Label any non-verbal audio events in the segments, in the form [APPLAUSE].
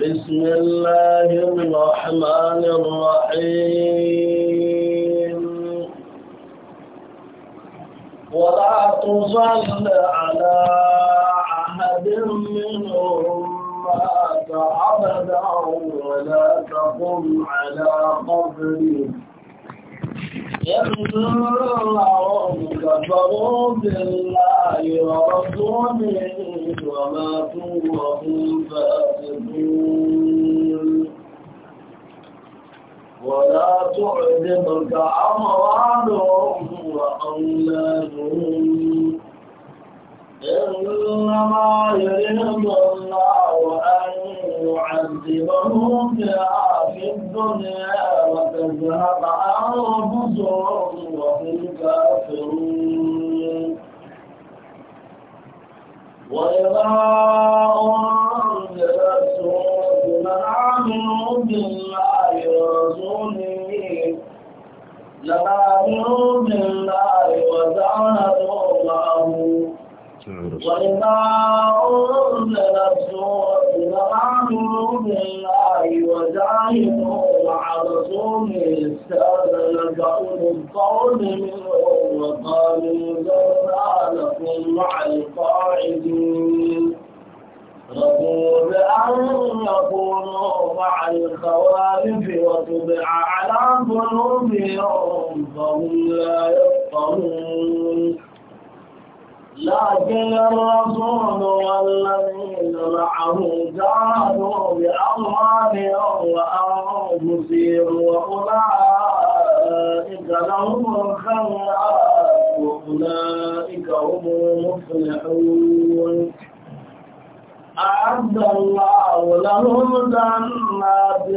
بسم الله الرحمن الرحيم ولا تصل على أحد منهم مات أبدا ولا تقم على قبره إنهم كفروا بالله الله ورسوله وماتوا وهم ولا تعذبك إنما يريد الله أن يعذبهم بها في الدنيا وتذهب أنفسهم وهم كافرون وإذا أنزلت سورة آمنوا بالله وجاهدوا عرفهم استأذنكهم القوم منهم وقالوا ذرنا لكم مع القاعدين رضوا بأن يكونوا مع الخوارج وطبع على قلوبهم فهم لا يفقهون لكن الرسول والذين معه جاهدوا بأموالهم وأنفسهم وأولئك لهم الخيرات وأولئك هم المفلحون أعد الله لهم جنات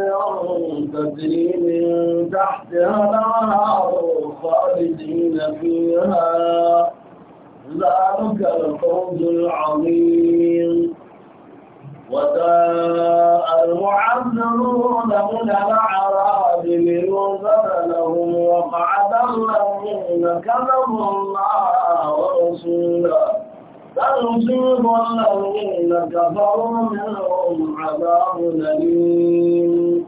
تجري من تحتها الأنهار خالدين فيها ذلك الفوز العظيم وساء المعذرون من الأعراب ليوزن لهم وقعد الذين كذبوا الله ورسوله سنصيب الذين كفروا منهم عذاب أليم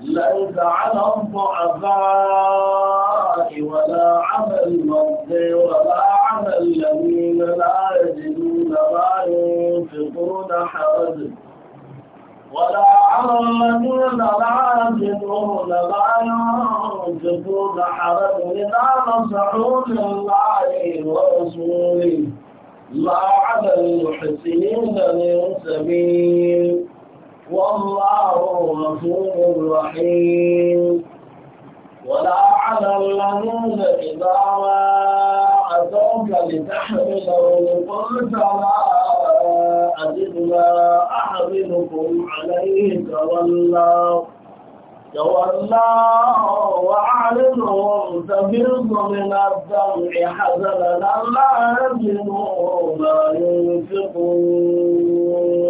ليس على الضعفاء ولا على المرض ولا على الذين لا يجدون ما ينفقون حرج ولا على الذين لا يجدون ما ينفقون حرج إذا نصحوا لله ورسوله لا على المحسنين من سبيل والله غفور رحيم ولا على الذين إذا ما أتوك لتحملهم قلت لا أجد ما أحملكم عليه تولوا تولوا وأعرضهم تفيض من الدمع حزنا لا يجدوا ما ينفقون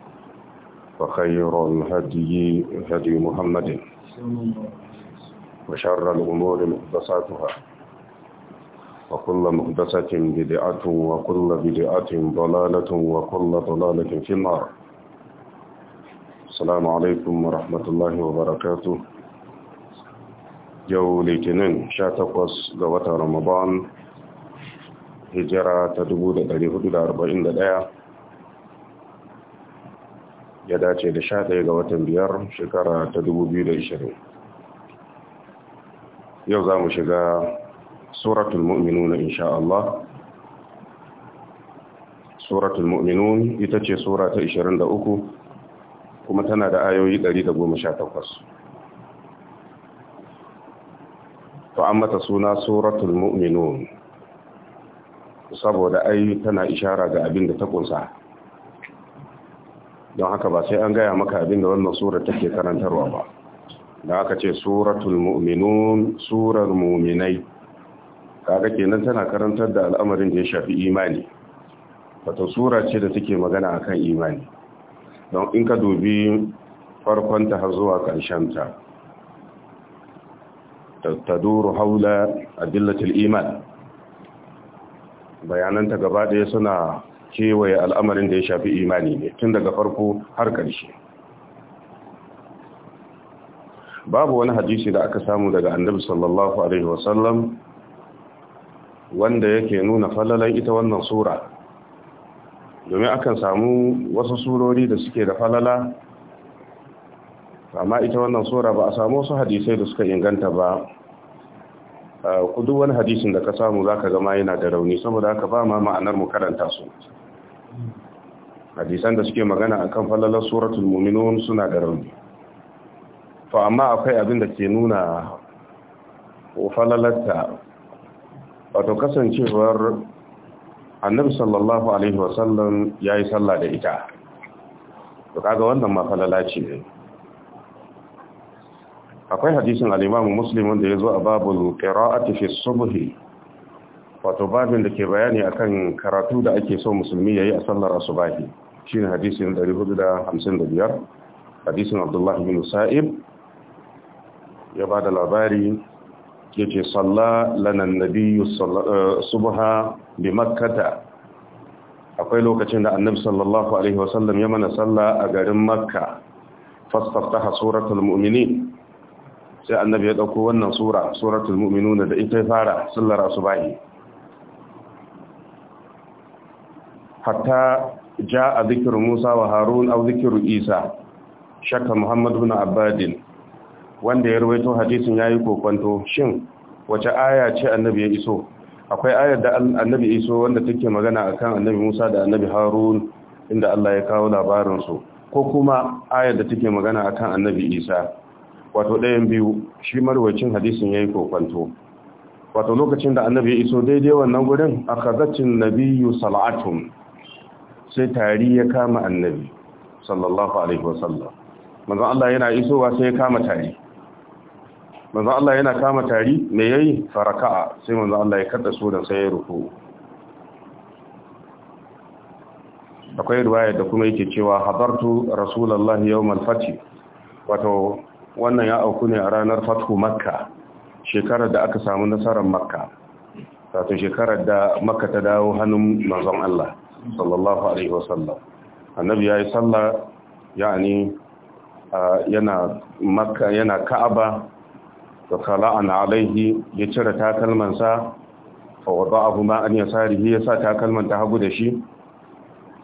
فخير الهدي هدي محمد وشر الأمور محدثاتها وكل محدثة بدعة وكل بدعة ضلالة وكل ضلالة في النار السلام عليكم ورحمة الله وبركاته yau litinin 18 ga watan ramadan hijira ta 1441 ya dace da sha ɗaya ga watan biyar shekara ta dubu biyu da ishirin. yau za mu shiga suratul mu'minuna insha Allah suratul mu'minun ita ce sura ta ishirin da uku, kuma tana da ayoyi ɗari da goma sha takwas. to an mata suna suratul mu'minun saboda ai tana ishara ga abin da ta kunsa don haka ba sai an gaya maka abin da wannan sura take karantarwa ba da aka ce suratul mu'minun surar mu'minai kaga kenan tana karantar da al'amarin da ya shafi imani wato sura ce da take magana akan imani don in ka dubi farkon ta har zuwa ƙarshen ta taduru haula adillatul iman bayananta gaba ɗaya suna kewaye al'amarin da ya shafi imani ne tun daga farko har ƙarshe babu wani hadisi da aka samu daga annabi sallallahu alaihi wasallam wanda yake nuna falalan ita wannan sura domin akan samu wasu surori da suke da falala amma ita wannan sura ba a samu wasu hadisai da suka inganta ba duk wani hadisin da ka samu zaka ga ma yana da rauni saboda haka ba ma ma'anar mu karanta su hadisan da suke magana akan falalar suratul mu'minun suna da rauni to amma akwai abin da ke nuna falalarta wato kasancewar annabi sallallahu alaihi wasallam ya yi sallah da ita to kaga wannan ma falala ce ne akwai hadisin al-imam muslim wanda ya zo a babul qira'ati fi subhi wato babin da ke bayani akan karatu da ake so musulmi ya yi a sallar asubahi shine hadisin 455 hadisin Abdullah bin Sa'ib ya ba da labari yace salla lana nabiyyu eh, subha bi makkata akwai lokacin da annabi sallallahu alaihi wasallam ya mana salla a garin makka fastaftaha suratul mu'minin sai annabi ya dauko wannan sura suratul mu'minuna da ita ya fara sallar asubahi hatta ja'a zikru Musa wa Harun aw zikru Isa shakka Muhammad ibn Abbadin wanda ya rawaito hadisin yayi kokonto shin wace aya ce annabi ya iso akwai ayar da annabi iso wanda take magana akan annabi Musa da annabi Harun inda Allah ya kawo labarin su ko kuma ayar da take magana akan annabi Isa wato ɗayan biyu shi marwacin hadisin yayi kokonto wato lokacin da annabi ya iso daidai wannan gurin akhadatin nabiyyu sal'atun sai tari ya kama annabi sallallahu alaihi wasallam manzon Allah yana isowa sai ya kama tari manzon Allah yana kama tari me yayi faraka'a sai manzon Allah ya kada so da sai ya ruku akwai riwaya da kuma yake cewa hadartu rasulullahi yawmal fati wato wannan ya auku ne a ranar Fatu makka shekarar da aka samu nasarar makka wato shekarar da makka ta dawo hannun manzon Allah sallallahu alaihi wasallam annabi ya yi sallah yani yana makka yana ka'aba da kala'ana alaihi ya cire takalmansa fa wada'ahu ma an yasarihi ya sa takalman ta hagu da shi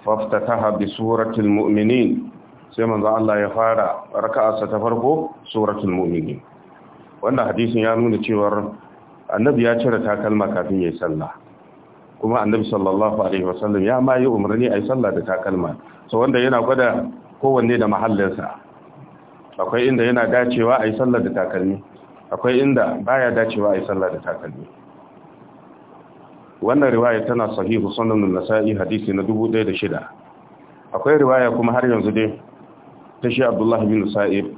faftataha bi suratul mu'minin sai manzo Allah ya fara raka'arsa ta farko suratul mu'minin wannan hadisin ya nuna cewa annabi ya cire takalma kafin yi sallah kuma annabi sallallahu alaihi wasallam ya ma yi umarni ai sallah da takalma so wanda yana gwada kowanne da mahallinsa akwai inda yana dacewa a yi sallah da takalmi akwai inda baya dacewa a yi sallah da takalmi wannan riwaya tana sahihu sunan nasa'i hadisi na 1006 akwai riwaya kuma har yanzu dai ta shi abdullahi bin sa'ib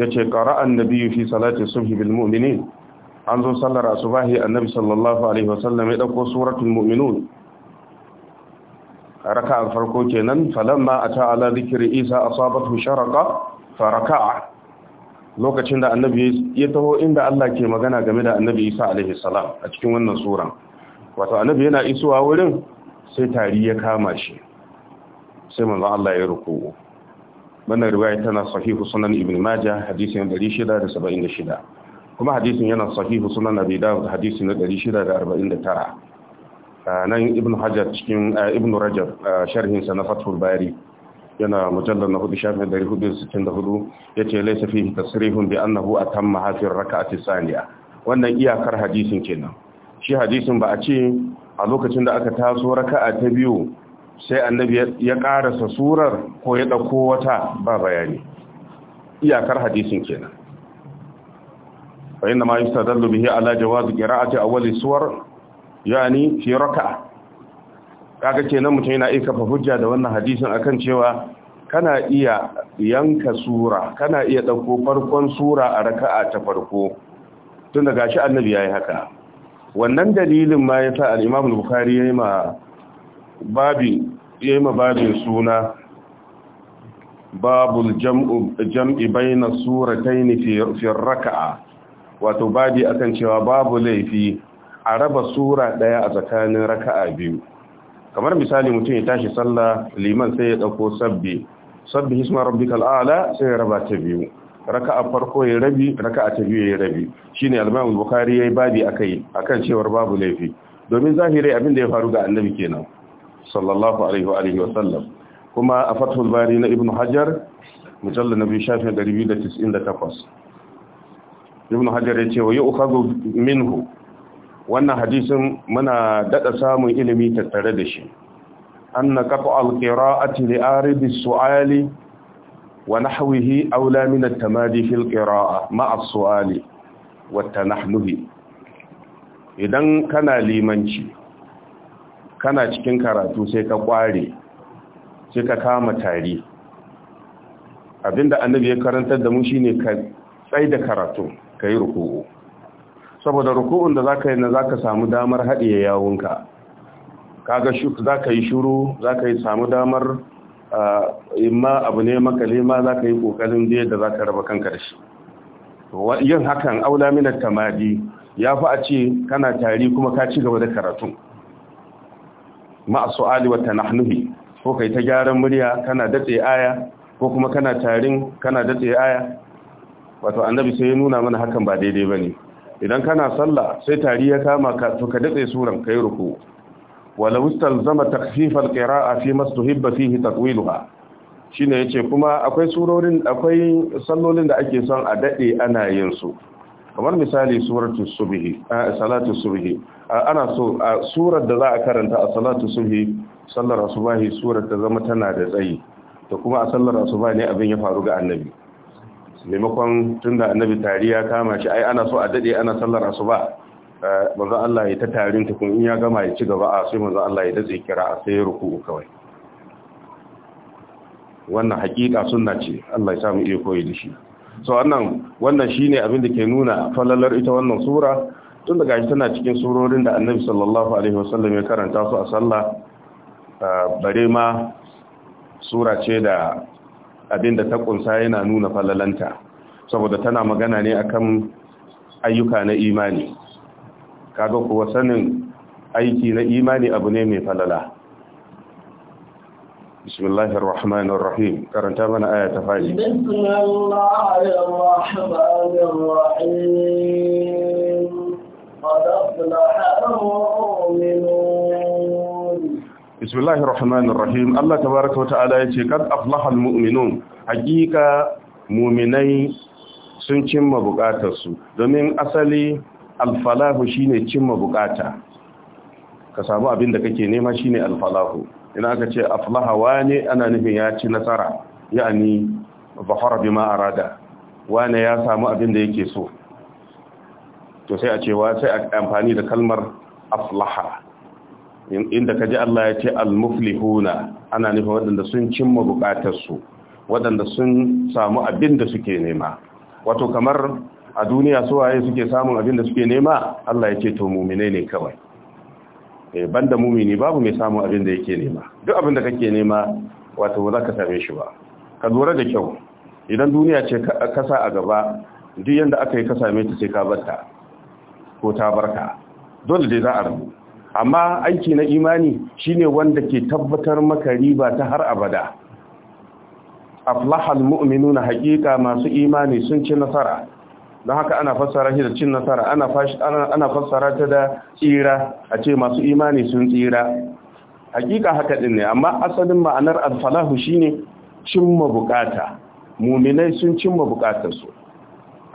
yace qara'a an-nabiyyu fi salati subhi bil mu'minin an zo sallar asubahi annabi sallallahu alaihi wasallam ya dauko suratul mu'minun raka'a farko kenan falamma ata ala dhikri isa asabathu sharaqa faraka'a lokacin da annabi ya taho inda Allah ke magana game da annabi isa alaihi salam a cikin wannan sura wato annabi yana isuwa wurin sai tari ya kama shi sai manzo Allah ya ruku wannan riwaya tana sahihu sunan ibn majah hadisin 676 kuma hadisin yana sahihu sunan abi dawud hadisi na 649 nan ibn hajar cikin ibn rajab sharhin sa na fathul bari yana mujallar na hudu shafin 464 yace laysa fihi tasrihun bi annahu atamma raka rak'ati saniya wannan iyakar hadisin kenan shi hadisin ba a ce a lokacin da aka taso raka'a ta biyu sai annabi ya karasa surar ko ya dauko wata ba bayani iyakar hadisin kenan فإنما يستدل به على جواز قراءة أول السور يعني في ركعة kaga kenan mutum yana iya kafa hujja da wannan hadisin akan cewa kana iya yanka sura kana iya ɗauko farkon sura a raka'a ta farko tun da gashi annabi yayi haka wannan dalilin ma ya sa al-Imam al-Bukhari yayi ma babi yayi ma babin suna babul jam'u jam'i baina suratayn fi fi raka'a wato babi akan cewa babu laifi a raba sura daya a tsakanin raka'a biyu kamar misali mutum ya tashi sallah liman sai ya dauko sabbi sabbi hisma rabbikal a'la sai ya raba ta biyu raka'a farko ya rabi raka'a ta biyu ya rabi shine al-Imam Bukhari yayi babi akai akan cewar babu laifi domin zahiri abin da ya faru ga annabi kenan sallallahu alaihi wa alihi wa sallam kuma a Fathul Bari na Ibn Hajar mujallal nabi shafi 298 ibn hajar ya ce wa yu'khadhu minhu wannan hadisin muna dada samun ilimi tattare da shi anna qat'a al-qira'ati li aridi su'ali wa nahwihi awla min at-tamadi fil qira'a ma'a as-su'ali wa tanahnuhi idan kana limanci kana cikin karatu sai ka kware sai ka kama tari abinda annabi ya karantar da mu shine ka tsaida da karatu ka yi ruku'u saboda ruku'un da za ka yi na za ka samu damar haɗiye yawunka kaga za ka yi shuru za ka yi samu damar imma abu ne makali ma za ka yi ƙoƙarin da yadda za ka raba kanka da shi yin hakan aula mina tamadi ya fi a ce kana tari kuma ka ci gaba da karatun ma'asu aliwa ta nahnuhi ko kai ta gyaran murya kana datse aya ko kuma kana tarin kana datse aya wato annabi sai ya nuna mana hakan ba daidai bane idan kana sallah sai tari ya kama ka to ka dade suran kai ruku wala mustalzama takhfif alqira'a fi mastuhibba fihi tatwiluha shine yace kuma akwai surorin akwai sallolin da ake son a dade ana yin su kamar misali suratu subhi salatu subhi ana so surar da za a karanta a salatu subhi sallar asubahi surar ta zama tana da tsayi da kuma a sallar asuba ne abin ya faru ga annabi maimakon tunda annabi tari ya kama shi ai ana so a dade ana sallar asuba eh, manzo Allah ya ta tarin tukun in ya gama ya ci gaba a sai manzo Allah ya da datse kira sai ruku'u kawai wannan hakika sunna ce Allah ya samu iya koyi da shi so wannan wannan shine abin da ke nuna falalar ita wannan sura tun daga shi tana cikin surorin da Annabi sallallahu alaihi wasallam ya karanta su a sallah eh, bare ma sura ce da abinda ta kunsa yana nuna falalanta saboda tana magana ne akan ayyuka na imani kaga kuwa sanin aiki na imani abu ne mai falala بسم الله الرحمن الرحيم قرنت من آية فاجئ بسم الله الرحمن الرحيم bismillahir rahmanir rahim Allah tabaaraka wa ta'ala yace kad aflahal mu'minun hakika mu'minai sun cimma bukatarsu domin asali alfalahu shine cimma bukata ka samu abin da kake nema shine alfalahu ina aka ce aflaha wane ana nufin ya ci nasara ya'ani zahara bima arada wani ya samu abin da yake so to sai a cewa sai a amfani da kalmar aflaha inda ka ji Allah ya ce al-muflihuna ana nufin waɗanda sun cimma buƙatarsu waɗanda sun samu abin da suke nema wato kamar a duniya su waye suke samun abin da suke nema Allah ya ce to mumine ne kawai eh, banda mumini babu mai samun abin da yake nema duk abin da kake nema wato ba za ka same shi ba ka lura da kyau idan duniya ce kasa a gaba duk yanda aka yi ka same ta sai ka barka ko ta barka dole dai za a rabu amma aiki na imani shine wanda ke tabbatar maka riba ta har abada aflahal mu'minuna haqiqa masu imani sun ci nasara don haka ana fassara shi da cin nasara ana fassara ta da tsira a ce masu imani sun tsira Haƙiƙa haka ɗin ne amma asalin ma'anar alfalahu shine cimma bukata mu'minai sun cimma bukatarsu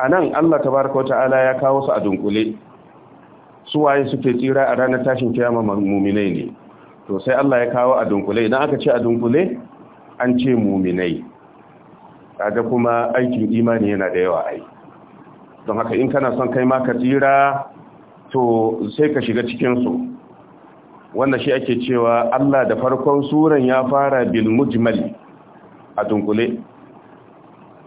nan, Allah Wata Ala ya kawo su a dunkule su waye suke tsira a ranar tashin kiyama muminai ne to sai Allah ya kawo a dunkule idan aka ce a dunkule an ce muminai kaga kuma aikin imani yana da yawa ai don haka in kana son kai ma ka tsira to sai ka shiga cikin su wanda shi ake cewa Allah da farkon suran ya fara bil mujmal a dunkule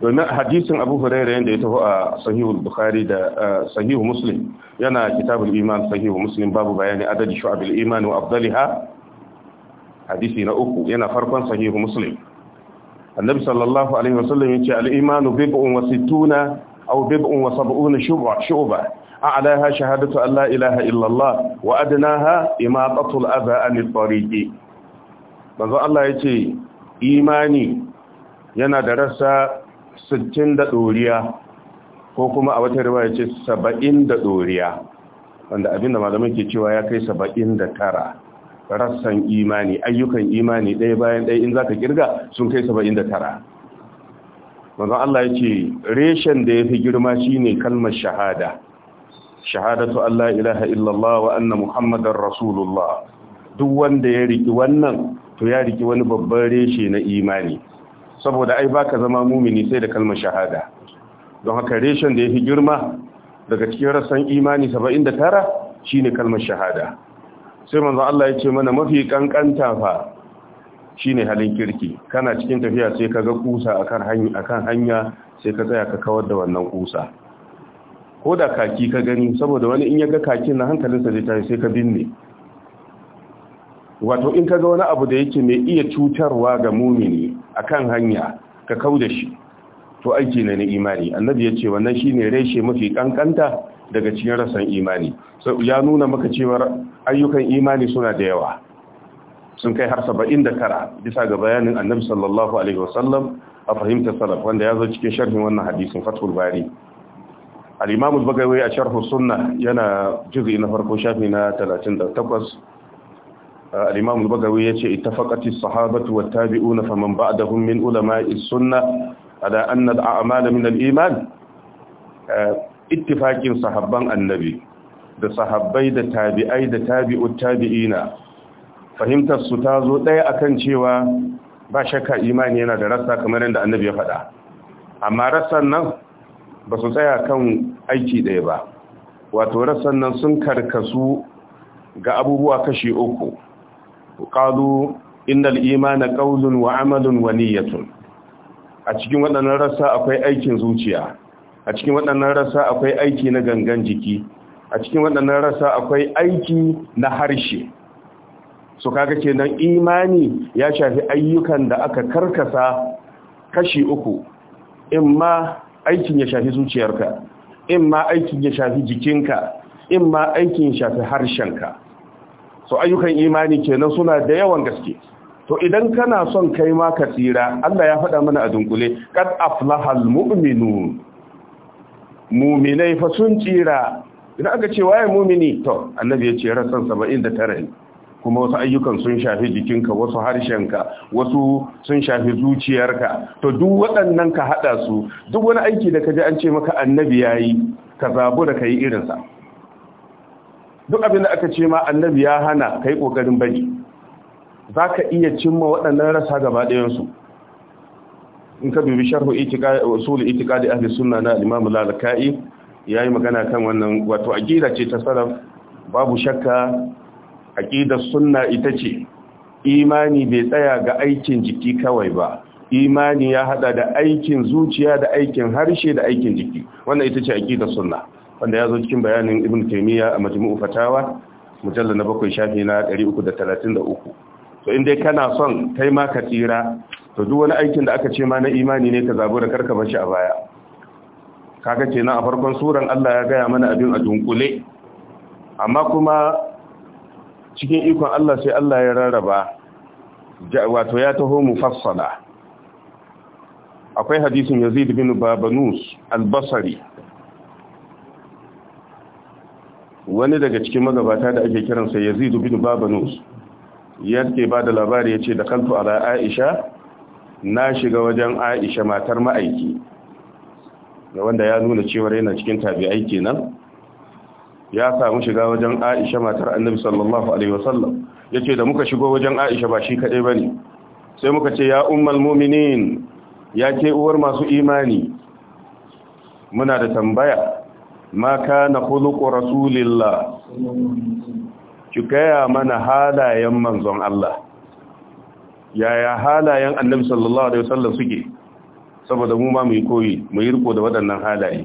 domin hadisin abu huraira yadda ya taho a sahihul bukhari da sahihu muslim yana kitabul iman sahihu muslim babu bayani adadi shu'abil iman wa afdaliha hadisi na uku yana farkon sahihu muslim annabi sallallahu alaihi wasallam yace al-imanu bid'un wa sittuna aw bid'un wa sab'una shu'ba shu'ba a'laha shahadatu an la ilaha illa Allah wa adnaha imatatul adha anil tariqi manzo Allah yace imani yana da rasa sittin da ɗoriya ko kuma a wata riwaya ce saba'in da ɗoriya wanda abinda malamai ke cewa ya kai saba'in da tara rassan imani ayyukan imani ɗaya bayan ɗaya in za ka ƙirga sun kai saba'in da tara wanzan Allah ya ce reshen da ya fi girma shi ne kalmar shahada shahadatu Allah ilaha illallah wa anna muhammadar rasulullah duk wanda ya riki wannan to ya riki wani babban reshe na imani saboda ai baka zama mumini sai da kalmar shahada don haka reshen da ya fi girma daga cikin rassan imani 79 shine kalmar shahada sai manzo Allah ya ce mana mafi kankanta fa shine halin kirki kana cikin tafiya sai kaga kusa akan hanya akan hanya sai ka tsaya ka kawar da wannan kusa ko da kaki ka gani saboda wani in ya ga kakin na hankalinsa zai tashi sai ka binne wato in ka ga wani abu da yake mai iya cutarwa ga mumini kan hanya ka kau da shi to aiki na na imani annabi ya ce wannan shi ne reshe mafi kankanta daga cikin rasan imani ya nuna maka cewar ayyukan imani suna da yawa sun kai har kara. bisa ga bayanin annabi sallallahu alaihi wasallam a fahimtar salaf wanda ya zo cikin sharhin wannan hadisin fatul bari al-imam a sharhun sunna yana juz'i na farko shafi na 38 al-imam ya ce yace ittafaqati sahabatu wat tabi'un faman ba'dahum min ulama'i sunna ala anna al-a'mal min al-iman eh, sahabban annabi da sahabbai da tabi'ai da tabi'u, tabi'ina fahimtar su ta zo a akan cewa ba shakka imani yana da rassa kamar yadda annabi ya faɗa amma rassan nan ba su tsaya kan aiki ɗaya ba wato rassan nan sun karkasu ga abubuwa kashi uku qalu innal imana qawlun wa amalun wa niyyatun a cikin waɗannan rassa akwai aikin zuciya a cikin waɗannan rassa akwai aiki na gangan jiki a cikin waɗannan rassa akwai aiki na harshe su kaga kenan imani ya shafi ayyukan da aka karkasa kashi uku in ma aikin ya shafi zuciyarka in ma aikin ya shafi jikinka in ma aikin ya shafi harshenka to ayyukan imani kenan suna da yawan gaske to idan kana son kai ma ka tsira Allah ya faɗa mana a dunkule qad aflahal mu'minun mu'minai fa sun tsira idan aka ce waye mu'mini to annabi ya ce rasan 79 ne kuma wasu ayyukan sun shafi jikinka wasu harshenka wasu sun shafi zuciyarka to duk waɗannan ka haɗa su duk wani aiki da ka ji an ce maka annabi yayi ka zabu da kai irinsa duk abin da aka ce ma annabi ya hana kai kokarin bari ka iya cimma waɗannan rasa gaba ɗayan in ka dubi sharhu itiqadi itika itiqadi ahli suna na al lalaka'i ya yi magana kan wannan wato aƙida ce ta salaf babu shakka aƙida suna ita ce imani bai tsaya ga aikin jiki kawai ba imani ya hada da aikin zuciya da aikin harshe da aikin jiki wannan ita ce aƙida sunna wanda ya zo cikin bayanin ibn Taimiyya a majmu'u fatawa mujallar na bakwai shafi na 333 to in dai kana son kai ma ka tsira to duk wani aikin da aka ce ma na imani ne ka zabura karka bar shi a baya kaga kenan a farkon suran Allah ya gaya mana abin a dunkule amma kuma cikin ikon Allah sai Allah ya rarraba wato ya taho mufassala akwai hadisin Yazid bin Babanus al-Basri wani daga cikin magabata da ake kiransa yazidu bin babanus yake ba da labari ya ce da kalfu ala aisha na shiga wajen aisha matar ma'aiki da wanda ya nuna cewar yana cikin tabi'ai kenan ya samu shiga wajen aisha matar annabi sallallahu alaihi wasallam ya ce da muka shigo wajen aisha ba shi kaɗai ba ne sai muka ce ya ummal muminin ya ke uwar masu imani muna da tambaya ma na khuluqu rasulillah ki gaya mana halayen manzon Allah yaya halayen annabi sallallahu alaihi wasallam suke saboda mu ma mu yi koyi mu yi riko da waɗannan halaye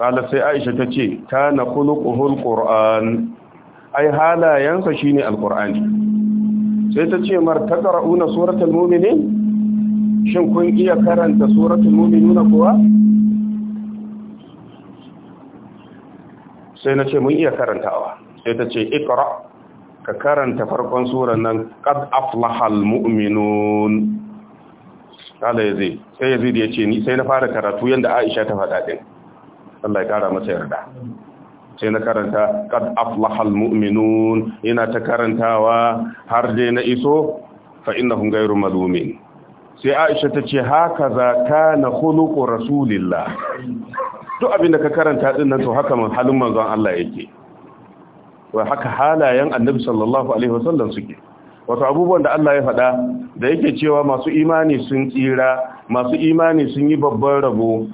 kala sai Aisha ta ce kana khuluquhul qur'an ai halayensa shine alqur'ani sai ta ce mar ta taqra'una suratul mu'minin shin kun iya karanta suratul mu'minuna kuwa sai na ce mun iya karantawa sai ta ce ikra ka karanta farkon suran nan qad aflahal mu'minun kala sai ya ce ni sai na fara karatu yanda Aisha ta faɗa din Allah ya kara masa yarda sai na karanta qad aflahal mu'minun ina ta karantawa har dai na iso fa innahum ghayru malumin sai Aisha ta ce haka za kana khuluqu rasulillah duk abin da ka karanta din nan to haka man halin manzon Allah yake wa haka halayen annabi sallallahu alaihi wasallam suke wato abubuwan da Allah ya faɗa da yake cewa masu imani sun tsira masu imani sun yi babban rabo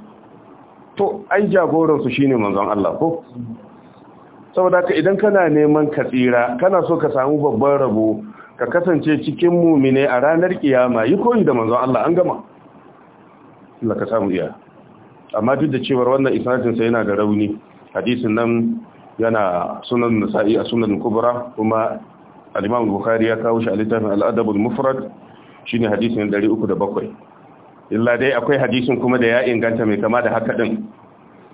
to ai jagoran su shine manzon Allah ko saboda ka idan kana neman ka tsira kana so ka samu babban rabo ka kasance cikin mumine a ranar kiyama yi koyi da manzon Allah an gama Allah ka samu iya amma duk da cewar wannan isnadin sa yana da rauni hadisin nan yana sunan nasa'i a sunan kubra kuma al-imam bukhari ya kawo shi a littafin al-adab al-mufrad shine hadisin 307 illa dai akwai hadisin kuma da ya inganta mai kama da haka din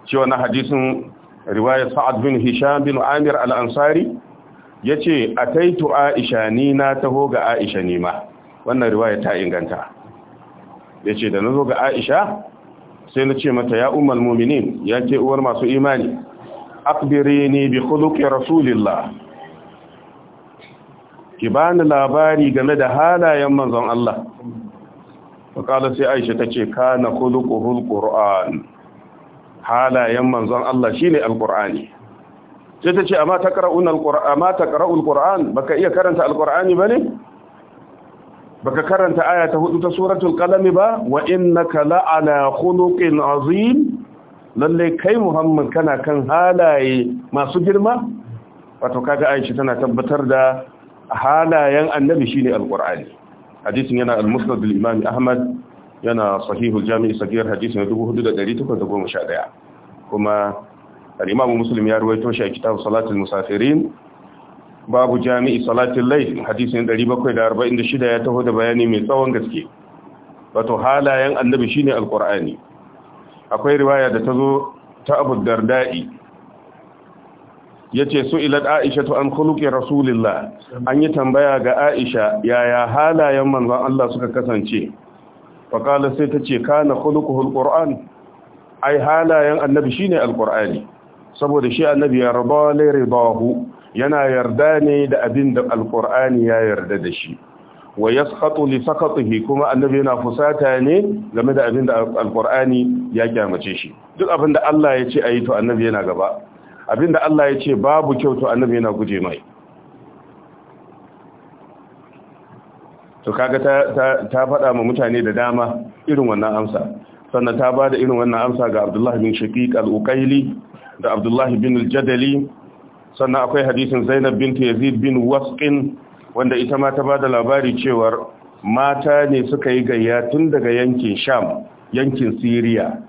cewa na hadisin riwayar sa'ad bin hisham bin amir al-ansari yace ataitu aisha ni na taho ga aisha ne ma wannan riwaya ta inganta yace da nazo ga aisha sai na ce mata ya umar muminin ya ce uwar masu imani akbiri ne bi khuluqi rasulillah ki bani labari game da halayen manzon Allah faƙala sai aisha ta ce ka na khuluquhul qur'an halayen manzon Allah shine alqur'ani sai ta ce amma taqra'un alqur'an amma taqra'ul qur'an baka iya karanta ba ne? baka karanta aya ta hudu ta suratul qalami ba wa innaka la'ala khuluqin azim lalle kai muhammad kana kan halaye masu girma wato kaga aisha tana tabbatar da halayen annabi shine alqur'ani hadisin yana al-musnad al-imam ahmad yana sahihul jami'i sagir hadisin 4811 kuma al-imam muslim ya ruwaito shi a kitab salatul musafirin babu jami'i salatin lai hadisin 746 ya taho da bayani mai tsawon gaske wato halayen annabi shine alqur'ani akwai riwaya da tazo ta Abu Darda'i yace su ila Aisha to an khuluqi rasulillah an yi tambaya ga Aisha yaya halayen manzon Allah suka kasance fa sai tace kana khuluquhu alqur'an ai halayen annabi shine alqur'ani saboda shi annabi ya raba lai ribahu yana yarda ne da abin da alkur'ani ya yarda da shi wa yasqatu li sakatihi kuma annabi yana fusata ne game da abin da alkur'ani ya kyamace shi duk abin da Allah ya ce ayi to annabi yana gaba abin da Allah ya ce babu kyau to annabi yana guje mai to kaga ta ta faɗa ma mutane da dama irin wannan amsa sannan ta bada irin wannan amsa ga Abdullah bin Shaqiq al-Uqayli da Abdullah bin al-Jadali sannan akwai hadisin zainab bin yazid bin wasqin wanda ita ma ta bada labari cewar mata ne suka yi gayya tun daga yankin sham yankin siriya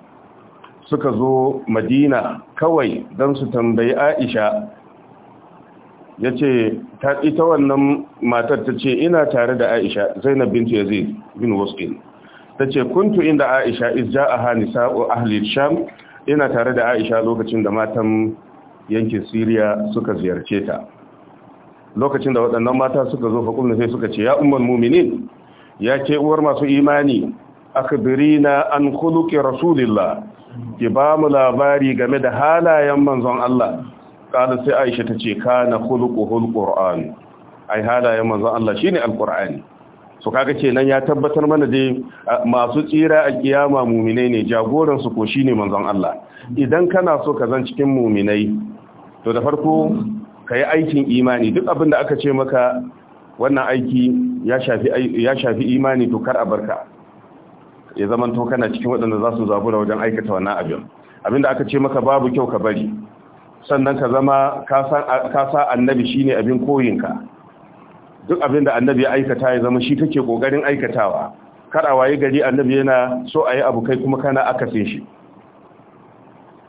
suka zo madina kawai don su tambayi aisha ya ce ita wannan matar ta ce ina tare da aisha zainab bin yazid bin wasqin ta ce kuntu inda aisha izja a hanisa a sham ina tare da aisha lokacin da matan yankin Siriya suka ziyarce ta lokacin da waɗannan mata suka zo da sai suka ce ya umar muminin ya ke uwar masu imani Aka na an kuluki rasulillah ki ba mu labari game da halayen manzon Allah ƙada sai Aisha ta ce ka kana khuluquhul qur'an ai halayen manzon Allah shine Su so kaga nan ya tabbatar mana dai masu tsira a kiyama mu'minai ne jagoransu ko ko shine manzon Allah idan kana so ka zan cikin mu'minai to da farko ka yi aikin imani duk abin da aka ce maka wannan aiki ya shafi imani to kar a barka ya zaman to kana cikin waɗanda za su zabura wajen aikata wannan abin abin da aka ce maka babu kyau ka bari sannan ka zama ka sa annabi shine abin koyinka duk abin da annabi ya aikata ya zama shi kake ƙoƙarin aikatawa kar a waye gari annabi yana so a yi abu kai kuma kana akasin shi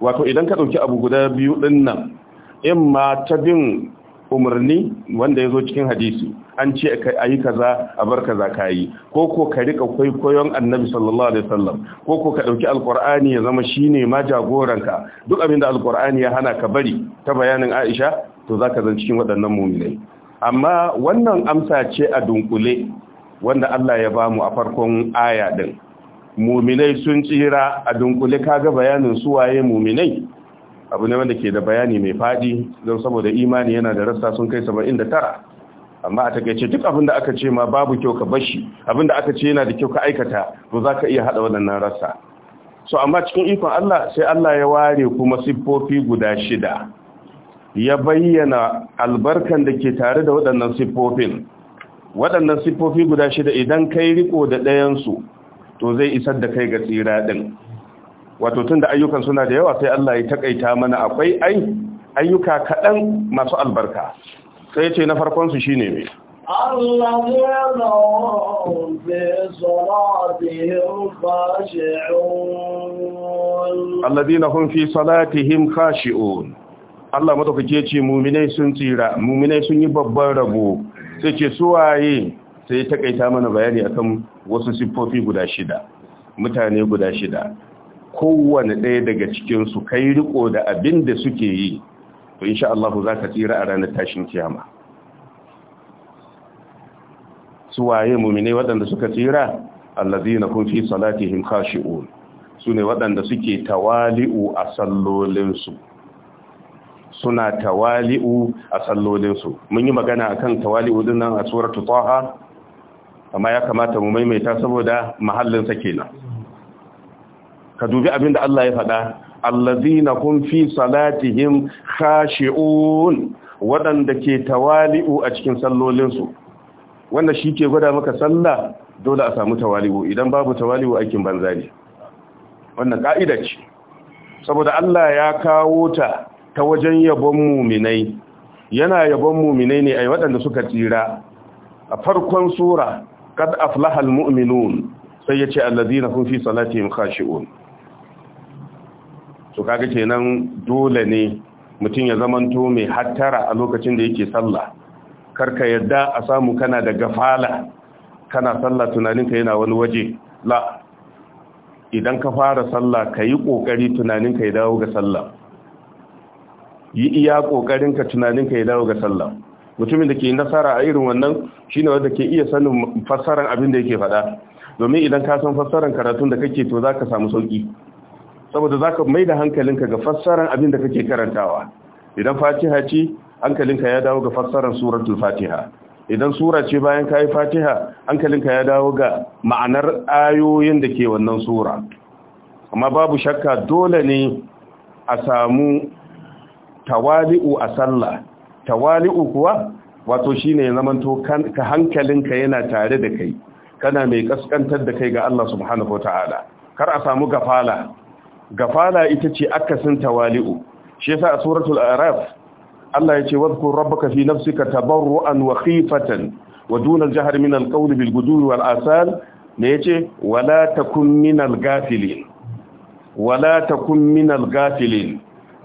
wato idan ka ɗauki abu guda biyu ɗin nan in ma ta bin umarni wanda ya zo cikin hadisi an ce a yi kaza a bar kaza ka yi ko ko ka rika kwaikwayon annabi sallallahu alaihi wasallam ko ko ka dauki alqur'ani ya zama shine ma jagoranka duk abin da alqur'ani ya hana ka bari ta bayanin Aisha to zaka zan cikin waɗannan mu'minai amma wannan amsa ce a dunkule wanda Allah ya bamu a farkon aya ɗin mu'minai sun tsira a dunkule ka ga bayanin su waye mu'minai abu ne wanda ke da bayani mai fadi don saboda imani yana da rassa sun kai tara. amma a takaice duk abin da aka ce ma babu kyau ka bashi abin da aka ce yana da kyau ka aikata to za ka iya haɗa waɗannan rassa so amma cikin ikon Allah sai Allah ya ware kuma siffofi guda shida ya bayyana albarkan da ke tare da waɗannan siffofin waɗannan siffofi guda shida idan kai riko da ɗayansu to zai isar da kai ga tsira ɗin wato tun da ayyukan suna da yawa sai Allah ya takaita mana akwai ayyuka kaɗan masu albarka sai ya ce na farkonsu shi ne mai Allah هم في صلاتهم Allah madaukake ce muminai sun tsira muminai sun yi babban rabo sai su suwaye sai ya takaita mana bayani akan wasu siffofi guda shida mutane guda shida kowane ɗaya daga cikinsu kai riko da abin da suke yi to insha Allah za ka tsira a ranar tashin kiyama Su waye mumine waɗanda suka tsira zina kun fi salatihim khashi'un ne waɗanda suke tawali'u a sallolinsu suna tawali'u a sallolinsu mun yi magana a kan tawali'u dinnan a tsoratu tsoha amma ya kamata mu maimaita saboda mahallin sa kenan ka dubi abin da Allah ya faɗa allazina kun fi salatihim khashi'un waɗanda ke tawali'u a cikin sallolinsu wanda shi ke gwada maka sallah dole a samu tawali'u idan babu tawali'u aikin banza ne wannan ka'ida ce saboda Allah ya kawo ta ta wajen yabon muminai yana yabon muminai ne yi waɗanda suka tsira a farkon sura kad aflahal mu'minun sai yace allazina kun fi salatihim khashi'un to kaga kenan dole ne mutum ya zamanto mai hattara a lokacin da yake sallah karka yadda a samu kana da gafala kana sallah tunaninka yana wani waje la idan ka fara sallah ka yi ƙoƙari tunaninka ya dawo ga sallah yi iya ƙoƙarinka tunaninka ya dawo ga sallah mutumin da ke nasara a irin wannan shine wanda ke iya sanin fassarar abin da yake faɗa domin idan ka san fassarar karatun da kake to za ka samu sauƙi saboda za ka mai da hankalinka ga fassarar abin da kake karantawa idan fatiha ce hankalinka ya dawo ga fassarar suratul fatiha idan sura ce bayan ka yi fatiha hankalinka ya dawo ga ma'anar ayoyin da ke wannan sura amma babu shakka dole ne a samu tawali'u a sallah tawali'u kuwa wato shine ya zamanto ka hankalinka yana tare da kai kana mai kaskantar da kai ga Allah subhanahu ta'ala kar a samu gafala gafala ita ce akasin tawali'u shi yasa a suratul araf Allah yace ce wadhkur rabbaka fi nafsika tabarruan wa khifatan wa duna al-jahr min al-qawli bil gudur wal asal ne yace wala takun min al wala takun min al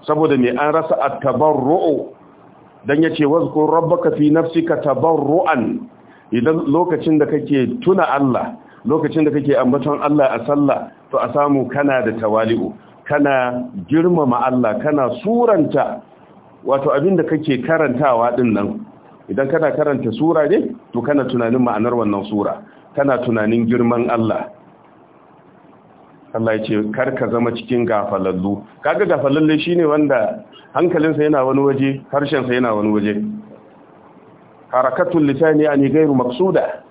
saboda me an rasa at-tabarru dan yace wadhkur rabbaka fi nafsika tabarruan idan lokacin da kake tuna Allah lokacin da kake ambaton Allah a sallah to a samu kana da tawali'u kana girmama Allah kana suranta wato abin da kake karantawa din nan idan kana karanta sura ne to kana tunanin ma'anar wannan sura kana tunanin girman Allah Allah ya ce karka zama cikin gafalallu kaga gafalalle shine wanda hankalinsa yana wani waje harshen sa yana wani waje harakatul lisani ani ghairu maqsuda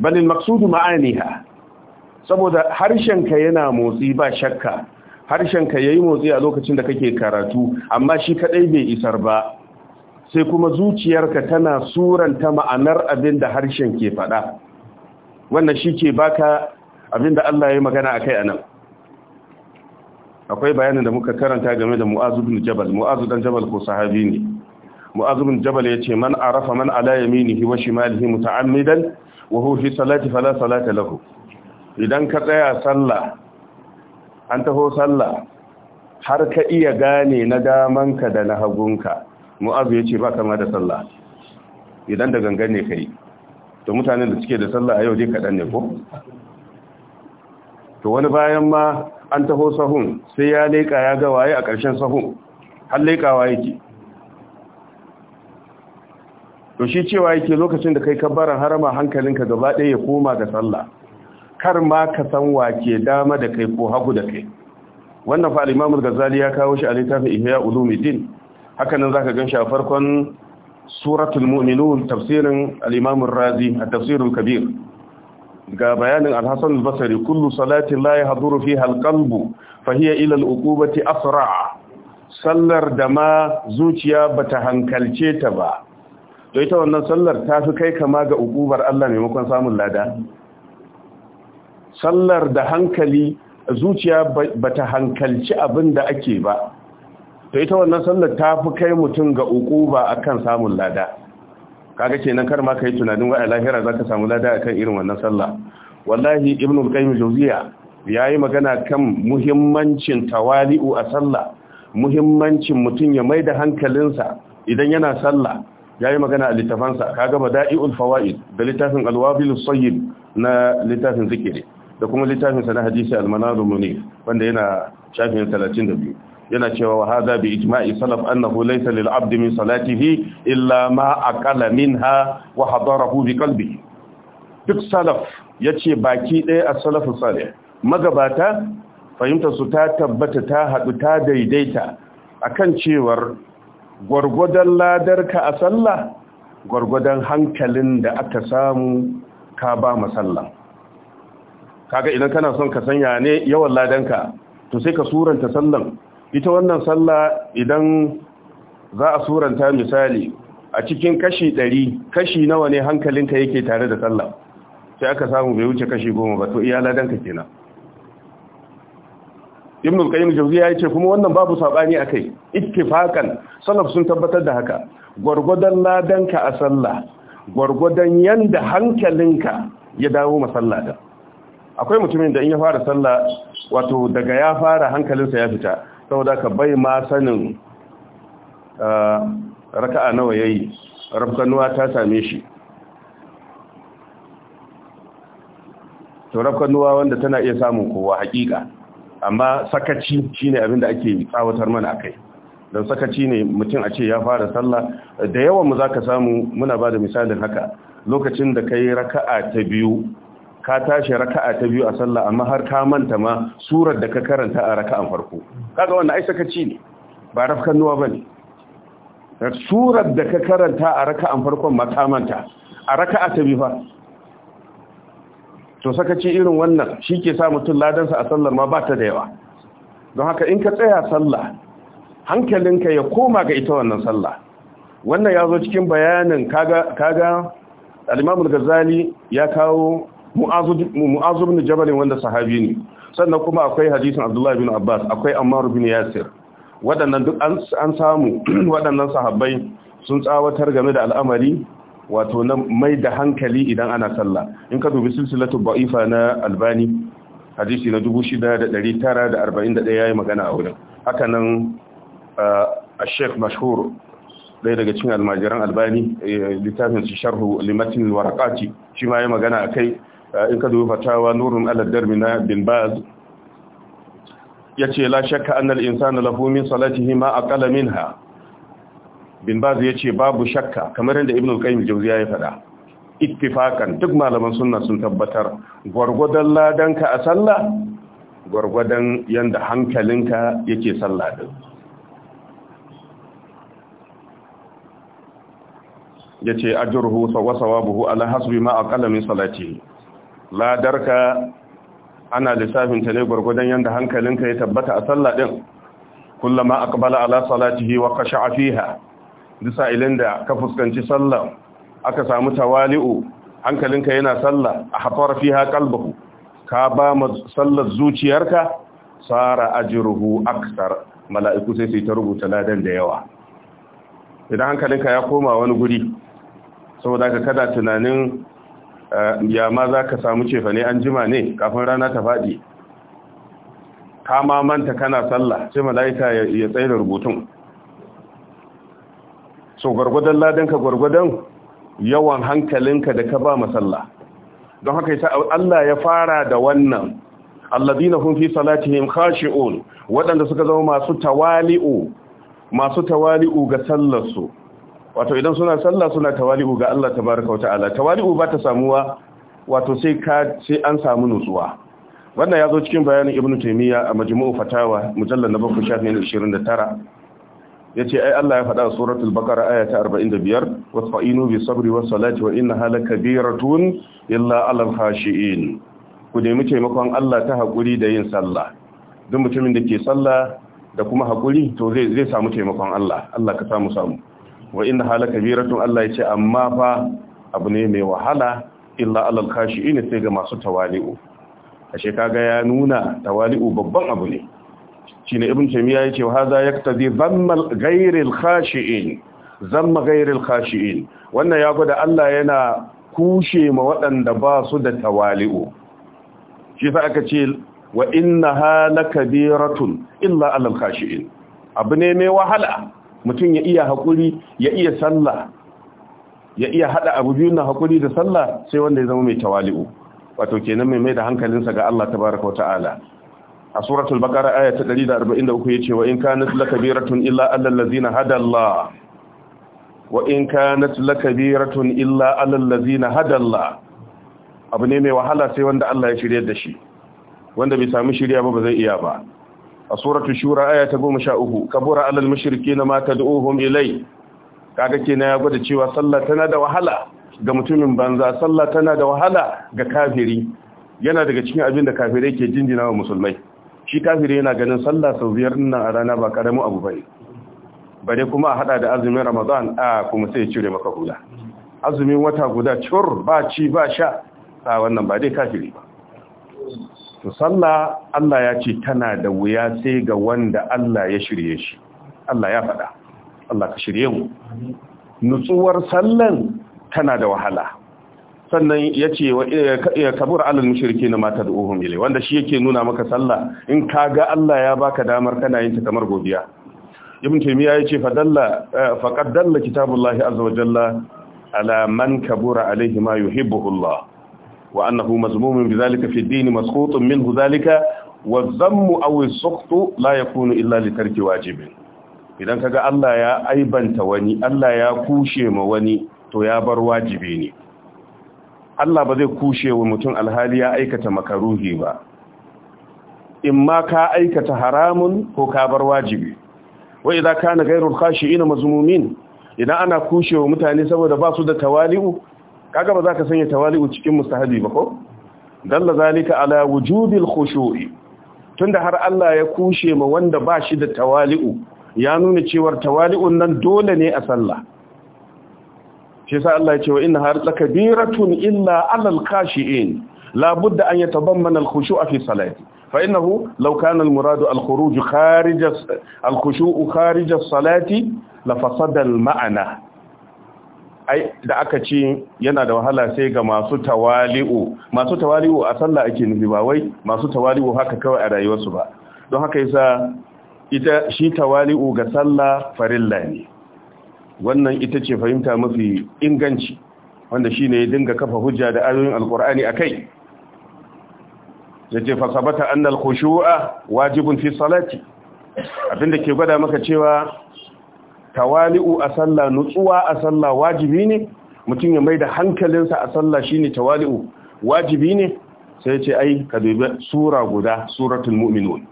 Banin maksudu ma'ani ma'aniha saboda harshenka yana motsi ba shakka harshenka yayi motsi a lokacin da kake karatu amma shi kadai bai isar ba sai kuma zuciyarka tana suranta ma'anar abin da harshen ke faɗa wannan shi ke baka abin da Allah ya magana akai anan akwai bayanin da muka karanta game da mu'azu bin jabal dan jabal ko sahabi ne mu'azu bin jabal yace man arafa man ala yaminihi wa shimalihi muta'ammidan wahu fi salati fala salata lahu idan ka tsaya salla an taho sallah har ka iya gane na damanka da na hagunka mu'azu yace ba kama da salla idan da gangan ne kai to mutanen da suke da salla a yau dai kadan ne ko to wani bayan ma an taho sahun sai ya leka ya ga waye a ƙarshen sahun har waye yake to shi cewa yake lokacin da kai kabbaran harama hankalinka gaba ɗaya ya koma ga sallah kar ma ka san wake dama da kai ko hagu da kai wannan fa al-Imam ghazali ya kawo shi a littafin Ihya Ulumuddin haka nan zaka gan shi a farkon suratul mu'minun tafsirin al-Imam Razi a tafsirul kabir ga bayanin al-Hasan al-Basri kullu salatin la yahduru fiha al-qalbu fa hiya ila al-uqubati asra sallar da ma zuciya bata hankalce ta ba to ita wannan sallar ta fi kai kama ga ugubar Allah maimakon samun lada sallar da hankali zuciya bata hankalci abin da ake ba to ita wannan sallar ta fi kai mutum ga uquba akan samun lada kaga kenan kar ma kai tunanin wai lahira zaka samu lada akan irin wannan sallah wallahi ibnul qayyim jawziya yayi magana kan muhimmancin tawali'u a sallah muhimmancin mutum ya mai da hankalinsa idan yana sallah yayi magana a littafansa kaga bada'iul fawaid da littafin alwabil sayyib na littafin zikiri da kuma littafin sa na hadisi almanazu munif wanda yana shafin 32 yana cewa wa hadha bi ijma'i salaf annahu laysa lil 'abdi min salatihi illa ma aqala minha wa hadarahu bi qalbihi duk salaf yace baki ɗaya a salafus salih magabata fahimtar su ta tabbata ta haɗu ta daidaita akan cewar gwargwadon ladarka a sallah gwargwadon hankalin da aka samu ka ba sallah kaga idan kana son ka sanya ne yawan ladanka to sai ka suranta sallan ita wannan sallah idan za a suranta misali a cikin kashi ɗari kashi nawa ne hankalinka yake tare da sallah sai aka samu bai wuce kashi goma ba to iya ladanka kenan ibn al-qayyim jawziya yace kuma wannan babu sabani akai ittifaqan salaf sun tabbatar da haka gurgudan ladanka a sallah gurgudan yanda hankalinka ya dawo masallata akwai mutumin da in ya fara sallah wato daga ya fara hankalinsa ya fita saboda ka bai ma sanin raka'a nawa yayi rafkanuwa ta same shi to rafkanuwa wanda tana iya samun kowa haƙiƙa. amma sakaci shine abin da ake tsawatar mana a kai. don sakaci ne mutum a ce ya fara sallah da yawan mu za ka samu muna bada misalin haka lokacin da ka yi raka'a ta biyu ka tashi raka'a ta biyu a sallah amma har ka manta ma surar da ka karanta a raka'an farko kaga wannan ai sakaci ne ba rafkan nuwa bane surar da ka karanta a raka'an farkon ma ka manta a raka'a ta biyu fa to sakaci irin wannan shi ke sa mutum ladansa a sallar ma ba ta da yawa don haka in ka tsaya sallah hankalinka ya koma ga ita wannan sallah wannan ya zo cikin bayanin kaga al'imamul gazali ya kawo mu'azu bin wanda sahabi ne sannan kuma akwai hadisin abdullahi bin abbas akwai ammar bin yasir waɗannan duk an samu [CLEARS THROAT] waɗannan sahabbai sun tsawatar game da al'amari wato na mai da hankali idan ana sallah in ka dubi silsilatu ba'ifa na albani hadisi na 6941 yayi magana a wurin haka nan a sheikh mashhur ɗaya daga cikin almajiran albani eh, littafin su sharhu limatin warakati shi ma magana a kai in ka dubi fatawa nurun aladdar na bin baz ya ce la shakka annal insana lahu min salatihi ma aqala minha bin bazu ya ce babu shakka kamar yadda ibn al-qayyim jawziya ya faɗa ittifaqan duk malaman sunna sun tabbatar gurgudan ladanka a sallah gurgudan yanda hankalinka yake sallah din yace ajruhu wa sawabuhu ala hasbi ma aqalla min salatihi ladarka ana lissafin ta ne gurgudan yanda hankalinka ya tabbata a sallah din kullama aqbala ala salatihi wa qasha'a fiha duk da ka fuskanci sallah aka samu tawali'u hankalinka yana sallah a hafar fiha kalbahu ka ba ma sallar zuciyarka sara ajruhu aksar. mala'iku sai sai ta rubuta ladan da yawa idan hankalinka ya koma wani guri saboda ka kada tunanin eh, ya ma za ka samu cefa ne an jima ne kafin rana ta faɗi ka ma manta kana sallah sai mala'ika ya tsaye da rubutun so gwargwadon ladanka gwargwadon yawan hankalinka da ka ba masalla don haka yasa Allah ya fara da wannan alladina hum fi salatihim khashi'un waɗanda suka zama masu tawali'u masu tawali'u ga su wato idan suna sallah suna tawali'u ga Allah tabaaraka ta'ala tawali'u ba ta samuwa wato sai ka sai an samu nutsuwa wannan ya zo cikin bayanin ibnu taymiya a majmu'u fatawa mujallal na 7 29 ya ce ai Allah ya faɗa suratul bakara aya ta 45 wasfa'inu bi sabri was salati wa innaha lakabiratun illa alal khashiin ku nemi taimakon Allah ta haƙuri da yin sallah Don mutumin da ke sallah da kuma hakuri to zai samu taimakon Allah Allah ka samu samu wa innaha lakabiratun Allah ya ce amma fa abu ne mai wahala illa alal khashiin sai ga masu tawali'u ashe kaga ya nuna tawali'u babban abu ne shine ibn taymiya yace wa hadha yaktazi zamma ghairil khashi'in zamma ghairil khashi'in wannan ya gwada Allah yana kushe ma waɗanda ba su da tawali'u shi sa aka ce wa innaha lakabiratun illa alal khashi'in abu ne mai wahala mutum ya iya haƙuri ya iya sallah ya iya haɗa abu biyu na haƙuri da sallah sai wanda ya zama mai tawali'u wato kenan mai mai da hankalinsa ga Allah tabaraka wa ta'ala a suratul baqara aya ta 143 yace wa in kanat lakabiratun illa alal ladzina hadalla wa in kanat lakabiratun illa alal ladzina hadalla abu ne mai wahala sai wanda Allah ya shirye da shi wanda bai samu shirya ba ba zai iya ba a suratul shura aya ta 13 kabura alal mushrikeena ma tad'uuhum ilay kaga kenan ya gwada cewa sallah tana da wahala ga mutumin banza sallah tana da wahala ga kafiri yana daga cikin abin da kafirai ke jinjina wa musulmai shi kafiri yana ganin sallah sau biyar nan a rana ba karamin abu bane bare kuma a hada da azumin ramadan a kuma sai ya cire maka hula azumin wata guda cur ba ci ba sha a wannan ba dai kafiri ba to sallah Allah ya ce tana da wuya sai ga wanda Allah ya shirye shi Allah ya faɗa Allah ka shirye mu nutsuwar sallan tana da wahala sannan ya ce ya eh, eh, kabur alal mushriki na mata da uhun ile wanda shi yake nuna maka sallah in ka ga Allah ya baka damar kana yin ta kamar godiya ibn taymiya ya ce fadalla eh, faqad dalla kitabullahi azza wa jalla ala man kabura alayhi ma yuhibbu Allah wa annahu mazmumun fi ad-din minhu zalika wa dhammu aw as la yakunu illa li tarki wajibin idan kaga Allah ya aibanta wani Allah ya kushe ma wani to ya bar wajibi ne Allah ba zai kushe wa mutum alhali ya aikata makaruhi ba in ma ka aikata haramun ko ka bar wajibi wa idan kana kashi ina mazmumin idan ana kushe wa mutane saboda ba su da tawali'u kaga ba za ka sanya tawali'u cikin mustahabi ba ko dalla zalika ala wujubil khushu'i tunda har Allah ya kushe ma wanda ba shi da tawali'u ya nuna cewar tawali'un nan dole ne a sallah shi yasa Allah ya ce wa inna har illa alal kashi'in la budda an yatabammana alkhushu'a fi salati fa innahu law kana almuradu muradu kharij alkhushu'u kharij as salati la fasada ma'ana ai da aka ce yana da wahala sai ga masu tawali'u masu tawali'u a sallah ake nufi ba wai masu tawali'u haka kawai a rayuwarsu ba don haka yasa ita shi tawali'u ga sallah farilla ne wannan ita ce fahimta mafi inganci wanda shine ya dinga kafa hujja da ayoyin alqur'ani akai yace fa sabata anna al-khushu'a wajibun fi salati abinda ke gwada maka cewa tawali'u a sallah nutsuwa a sallah wajibi ne mutum ya maida hankalinsa a sallah shine tawali'u wajibi ne sai ce ai ka dubi sura guda suratul mu'minun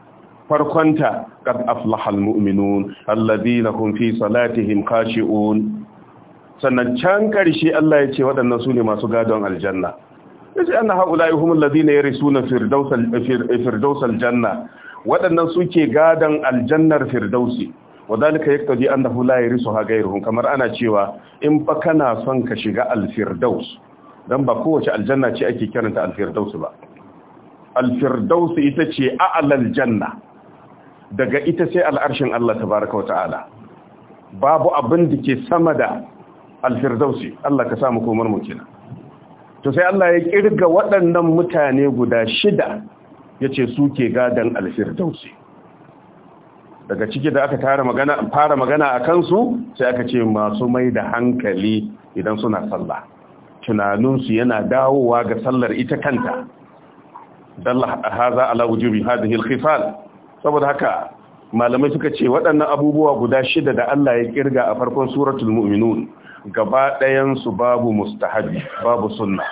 farkonta kad aflahal mu'minun alladhina hum fi salatihim khashi'un sannan can karshe Allah ya ce waɗannan su ne masu gadon aljanna yace anna haula'i hum alladhina yarisuna firdawsal firdawsal janna waɗannan suke gadon aljannar firdausi wadalika yaktaji annahu la yarisuha ghayruhum kamar ana cewa in fa kana son ka shiga alfirdaus dan ba kowace aljanna ce ake kiranta alfirdaus ba alfirdaus ita ce a'lal janna daga ita sai al'arshin Allah baraka wa ta'ala babu abin da ke sama da alfirdausi Allah ka samu komar mu to sai Allah ya kirga waɗannan mutane guda shida yace su ke gadon alfirdausi daga ciki da aka fara magana a kansu sai aka ce masu mai da hankali idan suna sallah tunaninsu yana dawowa ga sallar ita kanta dalla haza ala wujubi hadhihi al saboda haka malamai suka ce waɗannan abubuwa guda shida da Allah ya kirga a farkon suratul mu'minun gaba ɗayan su babu mustahabi babu sunna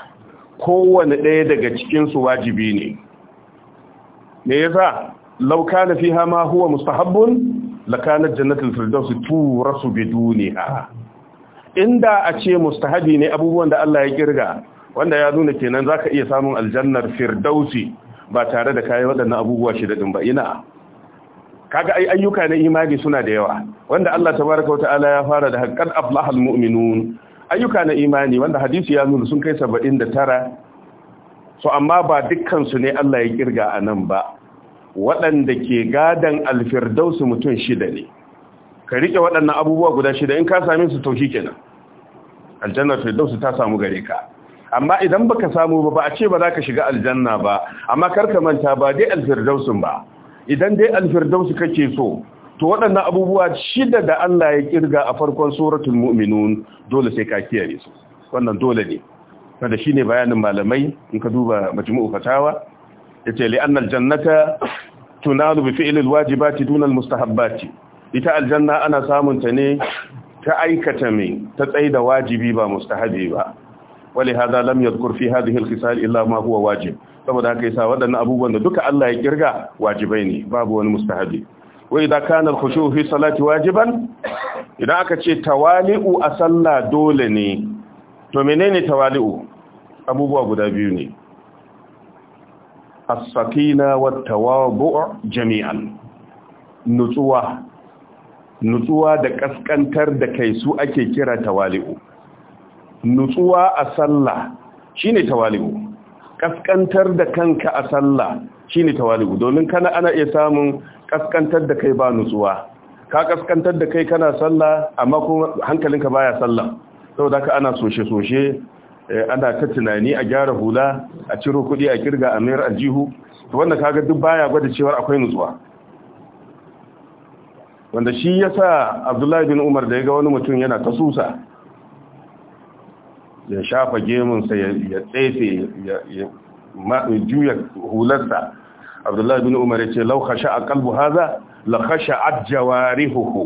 kowanne ɗaya daga cikin su wajibi ne me yasa law kana fiha ma huwa mustahabbun lakana jannatul firdaus turasu biduniha inda a ce mustahabi ne abubuwan da Allah ya kirga wanda ya nuna kenan zaka iya samun aljannar firdausi ba tare da kayan waɗannan abubuwa shida din ba ina kaga ai ayyuka na imani suna da yawa wanda Allah tabaraka wa ta'ala ya fara da haqqan aflahal mu'minun ayyuka na imani wanda hadisi ya nuna sun kai 79 so amma ba dukkan su ne Allah ya kirga anan ba waɗanda ke gadan alfirdaus mutum shida ne ka rike waɗannan abubuwa guda shida in ka same su taushi kenan Aljanna firdausu ta samu gare ka amma idan baka samu ba ba a ce ba za ka shiga aljanna ba amma kar ka manta ba dai alfirdausun ba idan dai alfirdausu kake so to waɗannan abubuwa shida da Allah ya kirga a farkon suratul mu'minun dole sai ka kiyaye su wannan dole ne kada shine bayanin malamai in ka duba majmu'u fatawa yace li anna aljannata tunalu bi fi'li alwajibati duna almustahabbati ita aljanna ana samun ta ne ta aikata mai ta tsaida wajibi ba mustahabi ba ولهذا لم kurfi في هذه الخصال illa ma huwa wajib saboda haka yasa waɗannan abubuwan da duka Allah ya kirga wajibai ne babu wani mustahabi wa idan kana al-khushu' fi salati wajiban idan aka ce tawali'u a sallah dole ne to menene tawali'u abubuwa guda biyu ne as-sakina wat tawabu' jami'an nutsuwa nutsuwa da kaskantar da kai su ake kira tawali'u nutsuwa a sallah shine tawali'u kaskantar da kanka a sallah shine tawali'u domin kana ana iya samun kaskantar da kai ba nutsuwa ka kaskantar da kai kana sallah amma kuma hankalinka baya sallah saboda ka ana soshe soshe eh, ana ta tunani a gyara hula a ciro kudi a kirga a mayar aljihu to wanda kaga duk baya gwada cewa akwai nutsuwa wanda shi yasa Abdullahi bin Umar da ya ga wani mutum yana tasusa. ya shafa gemunsa ya tsefe ya juya hularsa abdullahi bin umar ya ce laukasha khasha a kalbu haza la khasha ajjawarihuhu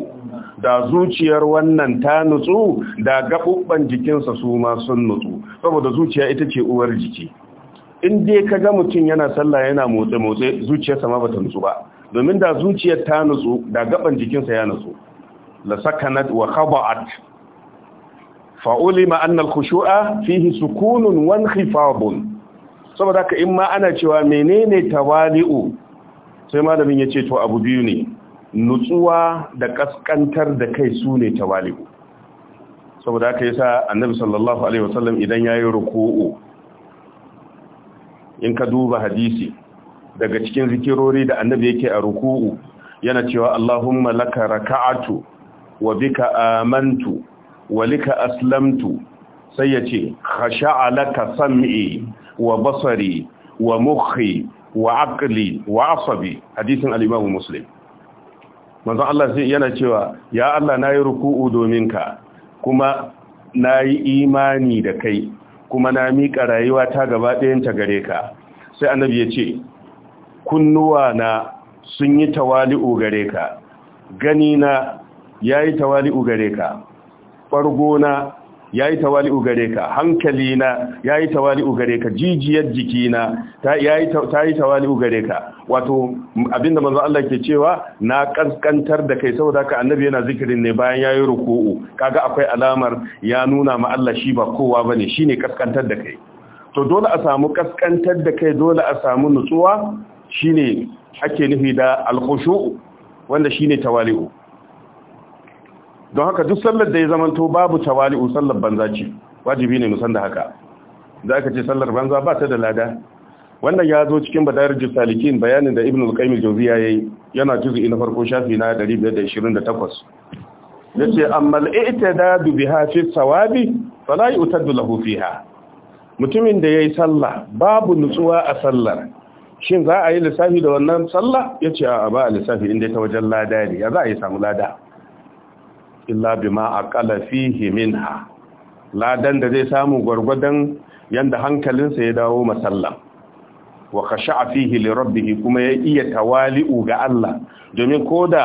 da zuciyar wannan ta nutsu da gabubban jikinsa su ma sun nutsu saboda zuciya ita ce uwar jiki in dai ka ga mutum yana sallah yana motsa motsa zuciyarsa ma bata nutsu ba domin da zuciyar ta nutsu da gaɓan jikinsa ya nutsu la sakanat wa khaba'at fa'ulima annal khushu'a fihi sukunun wan khifadun saboda ka in ma ana cewa menene tawali'u sai malamin ya ce to abu biyu ne nutsuwa da kaskantar da kai su ne tawali'u saboda haka yasa annabi sallallahu alaihi wasallam idan yayi ruku'u in ka duba hadisi daga cikin zikirori da annabi yake a ruku'u yana cewa Allahumma laka raka'atu wa bika amantu walika aslamtu sai ya ce khasha'a laka sam'i wa basari wa mukhi wa aqli wa asabi hadisin al-imam muslim Allah sai yana cewa ya Allah nayi ruku'u domin ka kuma nayi imani da kai kuma na mika rayuwa ta gaba ɗayan ta gare ka sai annabi ya ce kunnuwa na sun yi tawali'u gare ka gani na yayi tawali'u gare ka ɓargona ya yi tawali'u gare ka hankalina ya yi tawali'u gare ka jijiyar jikina ta yi tawali'u gare ka wato abinda manzo Allah ke cewa na kaskantar da kai saboda ka annabi yana zikirin ne bayan ya yayi ruku'u kaga akwai alamar ya nuna ma Allah shi ba kowa bane shine kaskantar da kai to dole a samu kaskantar da kai dole a samu nutsuwa shine ake nufi da al-khushu' wanda shine tawali'u don haka duk sallar da ya zamanto babu tawali'u sallar banza ce wajibi ne musan da haka za ka ce sallar banza ba ta da lada wannan ya zo cikin badar jisalikin bayanin da ibn al qaim al-jawziya yayi yana juzu'i na farko shafi na 528 yace amma al-i'tidadu biha fi sawabi fala yutaddu lahu fiha mutumin da yayi sallah babu nutsuwa a sallar shin za a yi lissafi da wannan sallah yace a ba lissafi inda ta wajen lada ne ya za a yi samu lada illa bima aqala fihi minha ladan da zai samu gwargwadon yanda hankalinsa ya dawo masallam wa khasha'a fihi li rabbih kuma ya iya tawali'u ga Allah domin koda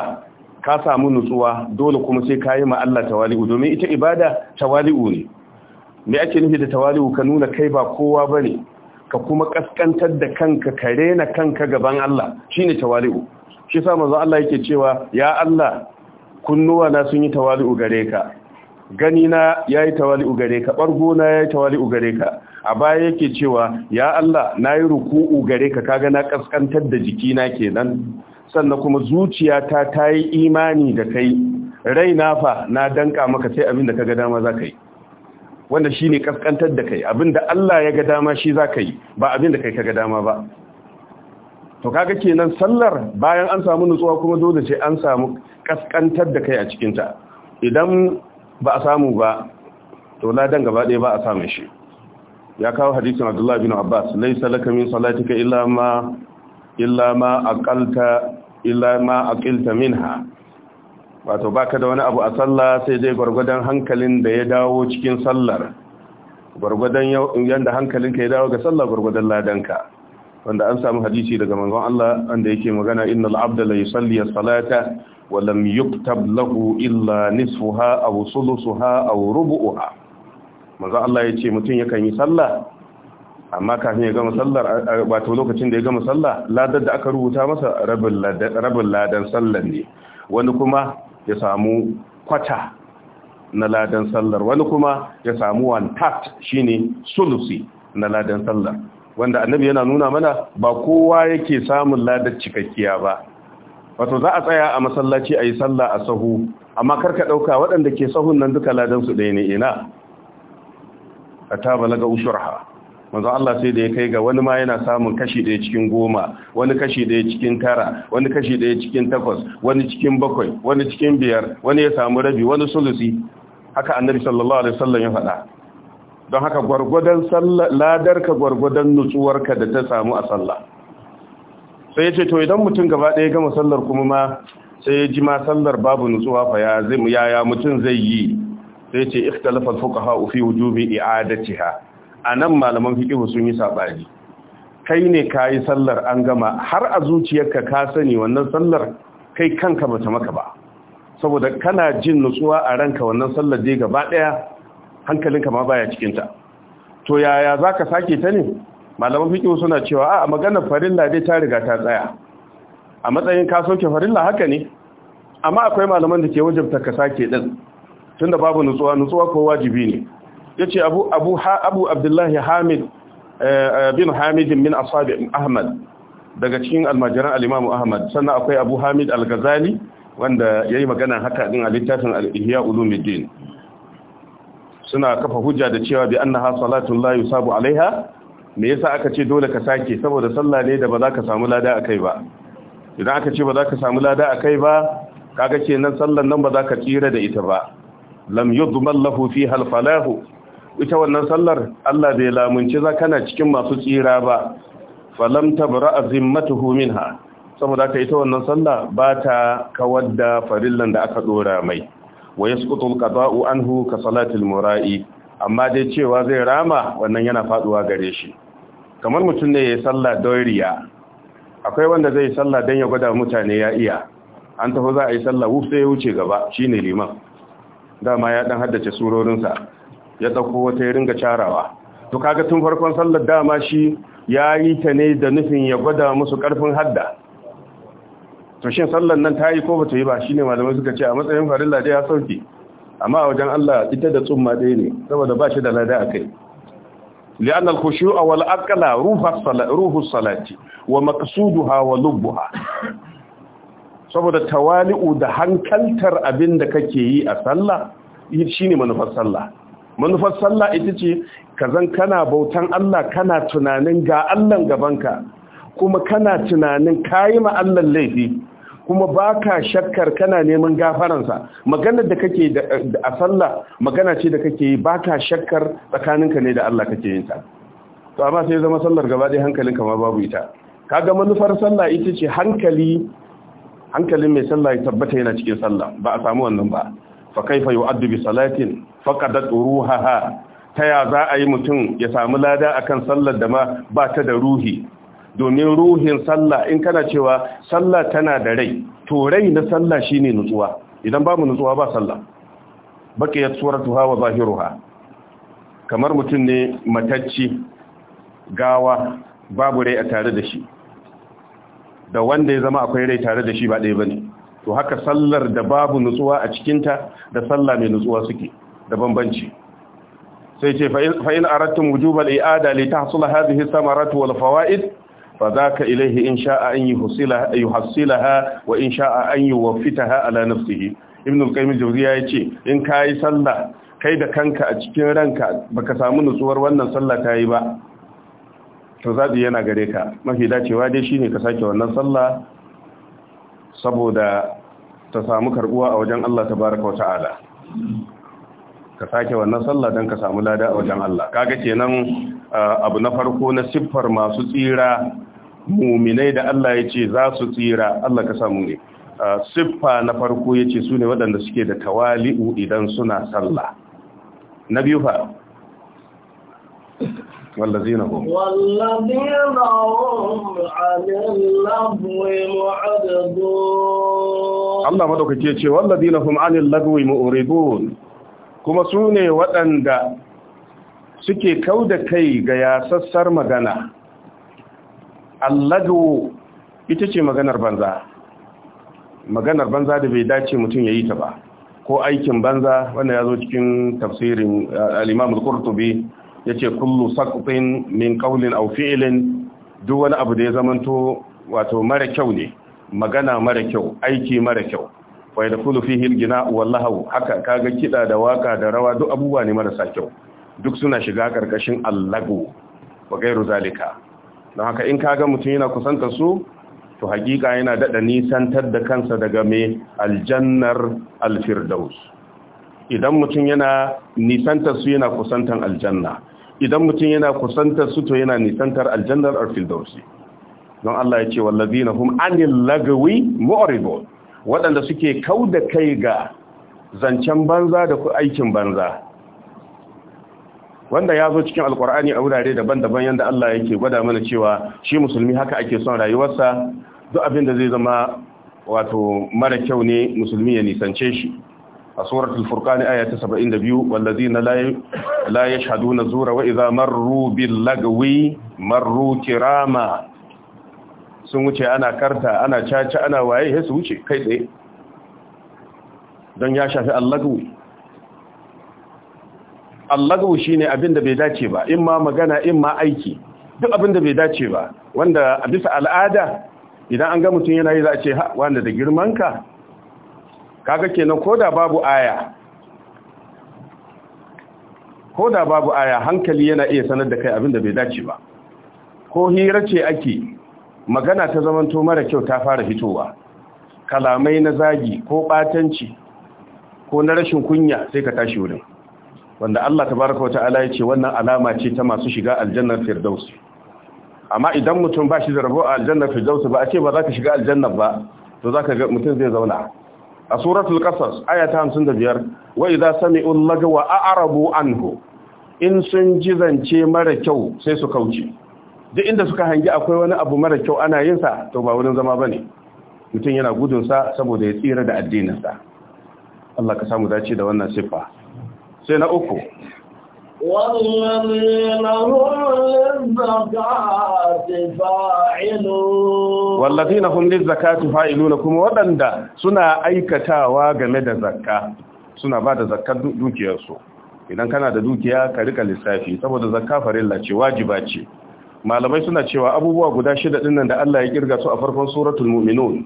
ka samu nutsuwa dole kuma sai ka yi ma Allah tawali'u domin ita ibada tawali'u ne me ake nufi da tawali'u ka nuna kai ba kowa bane ka kuma kaskantar da kanka ka rena kanka gaban Allah shine tawali'u shi sa manzo Allah yake cewa ya Allah kunnuwa na sun yi tawali'u gare ka gani na yayi tawali'u gare ka bargo na yayi tawali'u gare ka a baya yake cewa ya Allah nayi ruku'u gare ka kaga na kaskantar da jiki na kenan sannan kuma zuciyata ta yi imani da kai rai na fa na danka maka sai abin da kaga dama za ka yi wanda shine kaskantar da kai abin da Allah ya ga dama shi za ka yi ba abin da kai kaga dama ba to kaga kenan sallar bayan an samu nutsuwa kuma dole ce an samu kaskantar da kai a cikinta idan ba a samu ba to ladan gaba ɗaya ba a samu shi ya kawo hadisin abdullahi bin abbas laisa laka min salatika illa ma illa ma aqalta illa ma aqilta minha wato baka da wani abu a sallah sai dai gurgudan hankalin da ya dawo cikin sallar gurgudan yanda hankalinka ya dawo ga sallah gurgudan ladanka wanda an samu hadisi daga manzon Allah wanda yake magana innal abda la yusalli as-salata wa lam yuktab lahu illa nisfuha aw sulusuha aw rubu'uha manzon Allah yace mutum yakan yi sallah amma kafin ya gama sallar wato lokacin da ya gama sallah ladar da aka rubuta masa rabin ladan sallar ne wani kuma ya samu kwata na ladan sallar wani kuma ya samu one part shine sulusi na ladan sallar wanda annabi yana nuna mana ba kowa yake samun ladar cikakkiya ba wato za a tsaya a masallaci a yi sallah a sahu amma karka ɗauka waɗanda ke sahun nan duka ladansu ɗaya ne ina a ta balaga ushurha manzo Allah sai da ya kai ga wani ma yana samun kashi ɗaya cikin goma wani kashi ɗaya cikin tara wani kashi ɗaya cikin takwas wani cikin bakwai wani cikin biyar wani ya samu rabi wani sulusi haka annabi sallallahu alaihi wasallam ya faɗa don haka gwargwadon ladarka gwargwadon nutsuwar ka da ta samu a sallah sai ya ce to idan mutum gaba ɗaya gama sallar kuma ma sai ya ji ma sallar babu nutsuwa fa ya zai yaya mutum zai yi sai ya ce ikhtalafa fuqaha fi wujubi i'adatiha anan malaman fiqh sun yi sabani kai ne kayi sallar an gama har a zuciyarka ka sani wannan sallar kai kanka bata maka ba saboda kana jin nutsuwa a ranka wannan sallar dai gaba ɗaya hankalinka ma baya cikinta to yaya za ka sake ta ne malaman fiƙi suna cewa a maganar farilla dai ta riga ta tsaya a matsayin ka soke farilla haka ne amma akwai malaman da ke wajabta ka sake din tunda babu nutsuwa nutsuwa ko wajibi ne yace abu abu ha abu abdullahi hamid eh, bin hamid min ashabi ahmad daga cikin almajiran al ahmad sannan akwai abu hamid al-ghazali wanda yayi magana haka din a littafin al-ihya ulumuddin suna kafa hujja da cewa bi annaha Salatu la yusabu alaiha me yasa aka ce dole ka sake saboda sallah ne da ba za ka samu lada akai ba idan aka ce ba za ka samu lada akai ba kaga kenan sallan nan ba za ka tsira da ita ba lam yudman lahu fiha al ita wannan sallar Allah bai lamunci za kana cikin masu tsira ba falam tabra azimmatuhu minha saboda ka ita wannan sallah ba ta kawar da farillan da aka dora mai wa yasqutu an anhu ka salatil mura'i amma dai cewa zai rama wannan yana faduwa gare shi kamar mutum ne yi sallah dauriya akwai wanda zai sallah dan ya gwada mutane ya iya an tafi za a yi sallah wuf sai ya wuce gaba shine liman dama ya ɗan haddace surorinsa ya ɗauko wata ya ringa carawa to kaga tun farkon sallar dama shi ya yi ta ne da nufin ya gwada musu karfin hadda to shin sallan nan ta yi ko ba ta yi ba shine malamai suka ce a matsayin farilla dai ya sauke amma a wajen Allah ita da tsumma dai ne saboda ba shi da lada akai. li anna al-khushu'a wal aqla ruhu salati wa maqsuduha wa lubbuha saboda tawali'u da hankaltar abin da kake yi a sallah shine manufar sallah manufar sallah ita ce kazan kana bautan Allah kana tunanin ga Allah gabanka kuma kana tunanin kayi ma'allar Allah laifi kuma baka shakkar kana neman gafaransa maganar da kake a sallah magana ce da kake yi baka shakkar tsakaninka ne da Allah kake yin ta to amma sai zama sallar gaba ɗaya hankalinka ma babu ita kaga manufar sallah ita ce hankali hankalin mai sallah ya tabbata yana cikin sallah ba a samu wannan ba fa kaifa yu'addu bi salatin faqadat ruhaha ta ya za a yi mutum ya samu lada akan sallar da ma ba ta da ruhi domin ruhin sallah in kana cewa sallah tana da rai to rai na sallah shine nutsuwa idan bamu nutsuwa ba sallah baqiyat suratuha wa zahiruha kamar mutum ne matacci gawa babu rai a tare da shi da wanda ya zama akwai rai tare da shi ba ɗaya bane to haka sallar da babu nutsuwa a cikinta da sallah mai nutsuwa suke da bambanci sai ce fa in aradtum wujubal i'ada li tahsul hadhihi samaratu wal fawaid فذاك إليه ilaihi in sha'a an yuhsilaha yuhsilaha wa in sha'a an yuwaffitaha ala nafsihi ibn al-qayyim al-jawziya yace in kai sallah kai da kanka a cikin ranka baka samu nutsuwar wannan sallah tayi ba to zabi yana gare ka mafi dacewa dai shine ka karbuwa a ka sake wannan sallah don ka samu lada a wajen Allah kaga kenan ah, abu na farko na siffar masu tsira muminai da Allah ya ce za su tsira Allah ka samu ne siffa na farko ya ce su ne waɗanda suke da tawali'u idan suna sallah na biyu fa والذين هم والذين هم عن اللغو معرضون الله مدوكي Wanda والذين هم عن اللغو معرضون kuma su ne waɗanda suke kau da kai ga yasassar magana alladu ita ce maganar banza maganar banza da bai dace mutum ya yi ta ba ko aikin banza wanda ya zo cikin tafsirin eh, al-imam al-qurtubi yace kullu saqtin min qawlin aw fi'lin duk wani abu da ya zamanto wato mara kyau ne magana mara kyau aiki mara kyau wa yadkhulu fihi al-gina wallahu haka kaga kiɗa da waka da rawa duk abubuwa ne marasa kyau duk suna shiga ƙarƙashin allagu wa gairu zalika don haka in kaga mutum yana kusanta su to hakika yana daɗa nisantar da kansa daga mai aljannar alfirdaus idan mutum yana nisantar su yana kusantar aljanna idan mutum yana kusantar su to yana nisantar aljannar alfirdausi don Allah ya ce wallazina hum anil lagawi mu'ridun waɗanda suke kau da kai ga zancen banza da aikin banza wanda ya zo cikin alkur'ani a wurare daban-daban yadda Allah yake gwada mana cewa shi musulmi haka ake son rayuwarsa duk abin da zai zama wato mara kyau ne musulmi ya nisance shi a suratul furqan aya ta 72 wallazina la yashhaduna zura wa idza marru bil lagwi marru kirama sun wuce ana karta ana caca ana waye sai su wuce kai tsaye don ya shafi allahu. allagu shine abin da bai dace ba In ma magana in ma aiki duk abin da bai dace ba wanda a bisa al'ada idan an ga mutum yana yi za a ce wanda da girmanka kaga kenan koda babu aya koda babu aya hankali yana iya sanar da kai abin da bai dace ba ko hira ce ake magana ta zamanto mara kyau ta fara fitowa kalamai na zagi ko ɓatanci, ko na rashin kunya sai ka tashi wurin wanda Allah tabaraka wa ta'ala ya ce wannan alama ce ta masu shiga aljannar firdaus amma idan mutum ba shi da rabo a aljannar firdaus ba a ce ba za ka shiga aljannar ba to za ka ga mutum zai zauna a suratul qasas aya ta 55 wa idza sami'u lagwa a'rabu anhu in sun ji zance mara kyau sai su kauce duk inda suka hangi akwai wani abu mara kyau ana yin sa to ba wurin zama bane mutum yana gudun sa saboda ya tsira da addininsa Allah ka samu dace da wannan siffa sai na uku والذين na للزكاة فاعلون والذين هم للزكاة suna aikatawa game da zakka suna da zakkar dukiyar su idan kana da dukiya ka rika lissafi saboda zakka farilla ce wajiba ce malamai suna cewa abubuwa guda shida dinnan da Allah ya kirga su a farkon suratul mu'minun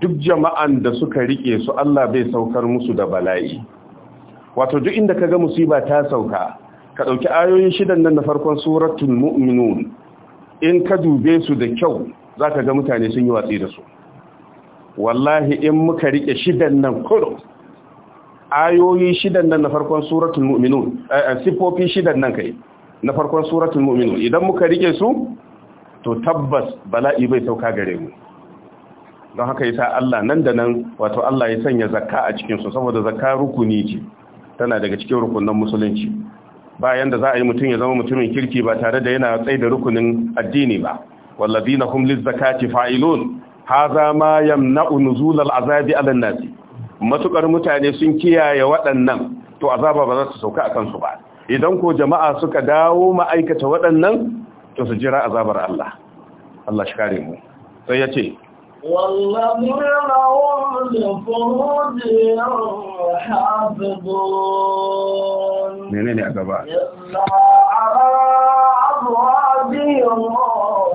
duk jama'an da suka rike su Allah bai saukar musu da bala'i wato duk inda ka ga musiba ta sauka ka ɗauki ayoyin shidan nan na farkon suratul mu'minun in ka dube su da kyau zaka ga mutane sun yi watsi da su wallahi in muka rike shidan nan kurum ayoyi shidan nan na farkon suratul mu'minun eh, eh, sifofi shidan nan kai na farkon suratul mu'minun idan muka rike su to tabbas bala'i bai sauka gare mu don haka yasa Allah nan da nan wato Allah ya sanya zakka a cikin su saboda zakka rukuni ce tana daga cikin rukunan musulunci bayan da za a yi mutum ya zama mutumin kirki ba tare da yana tsaye da rukunin addini ba wallazina hum lizakati fa'ilun haza ma yamna'u nuzul al'azabi 'ala an-nas matukar mutane sun kiyaye waɗannan to azaba ba za su sauka akan su ba idan ko jama'a suka dawo ma'aikata waɗannan to su jira azabar Allah Allah shi kare mu sai ya ce والذين هم لفروجهم حافظون منين يا جماعة إلا على أزواجهم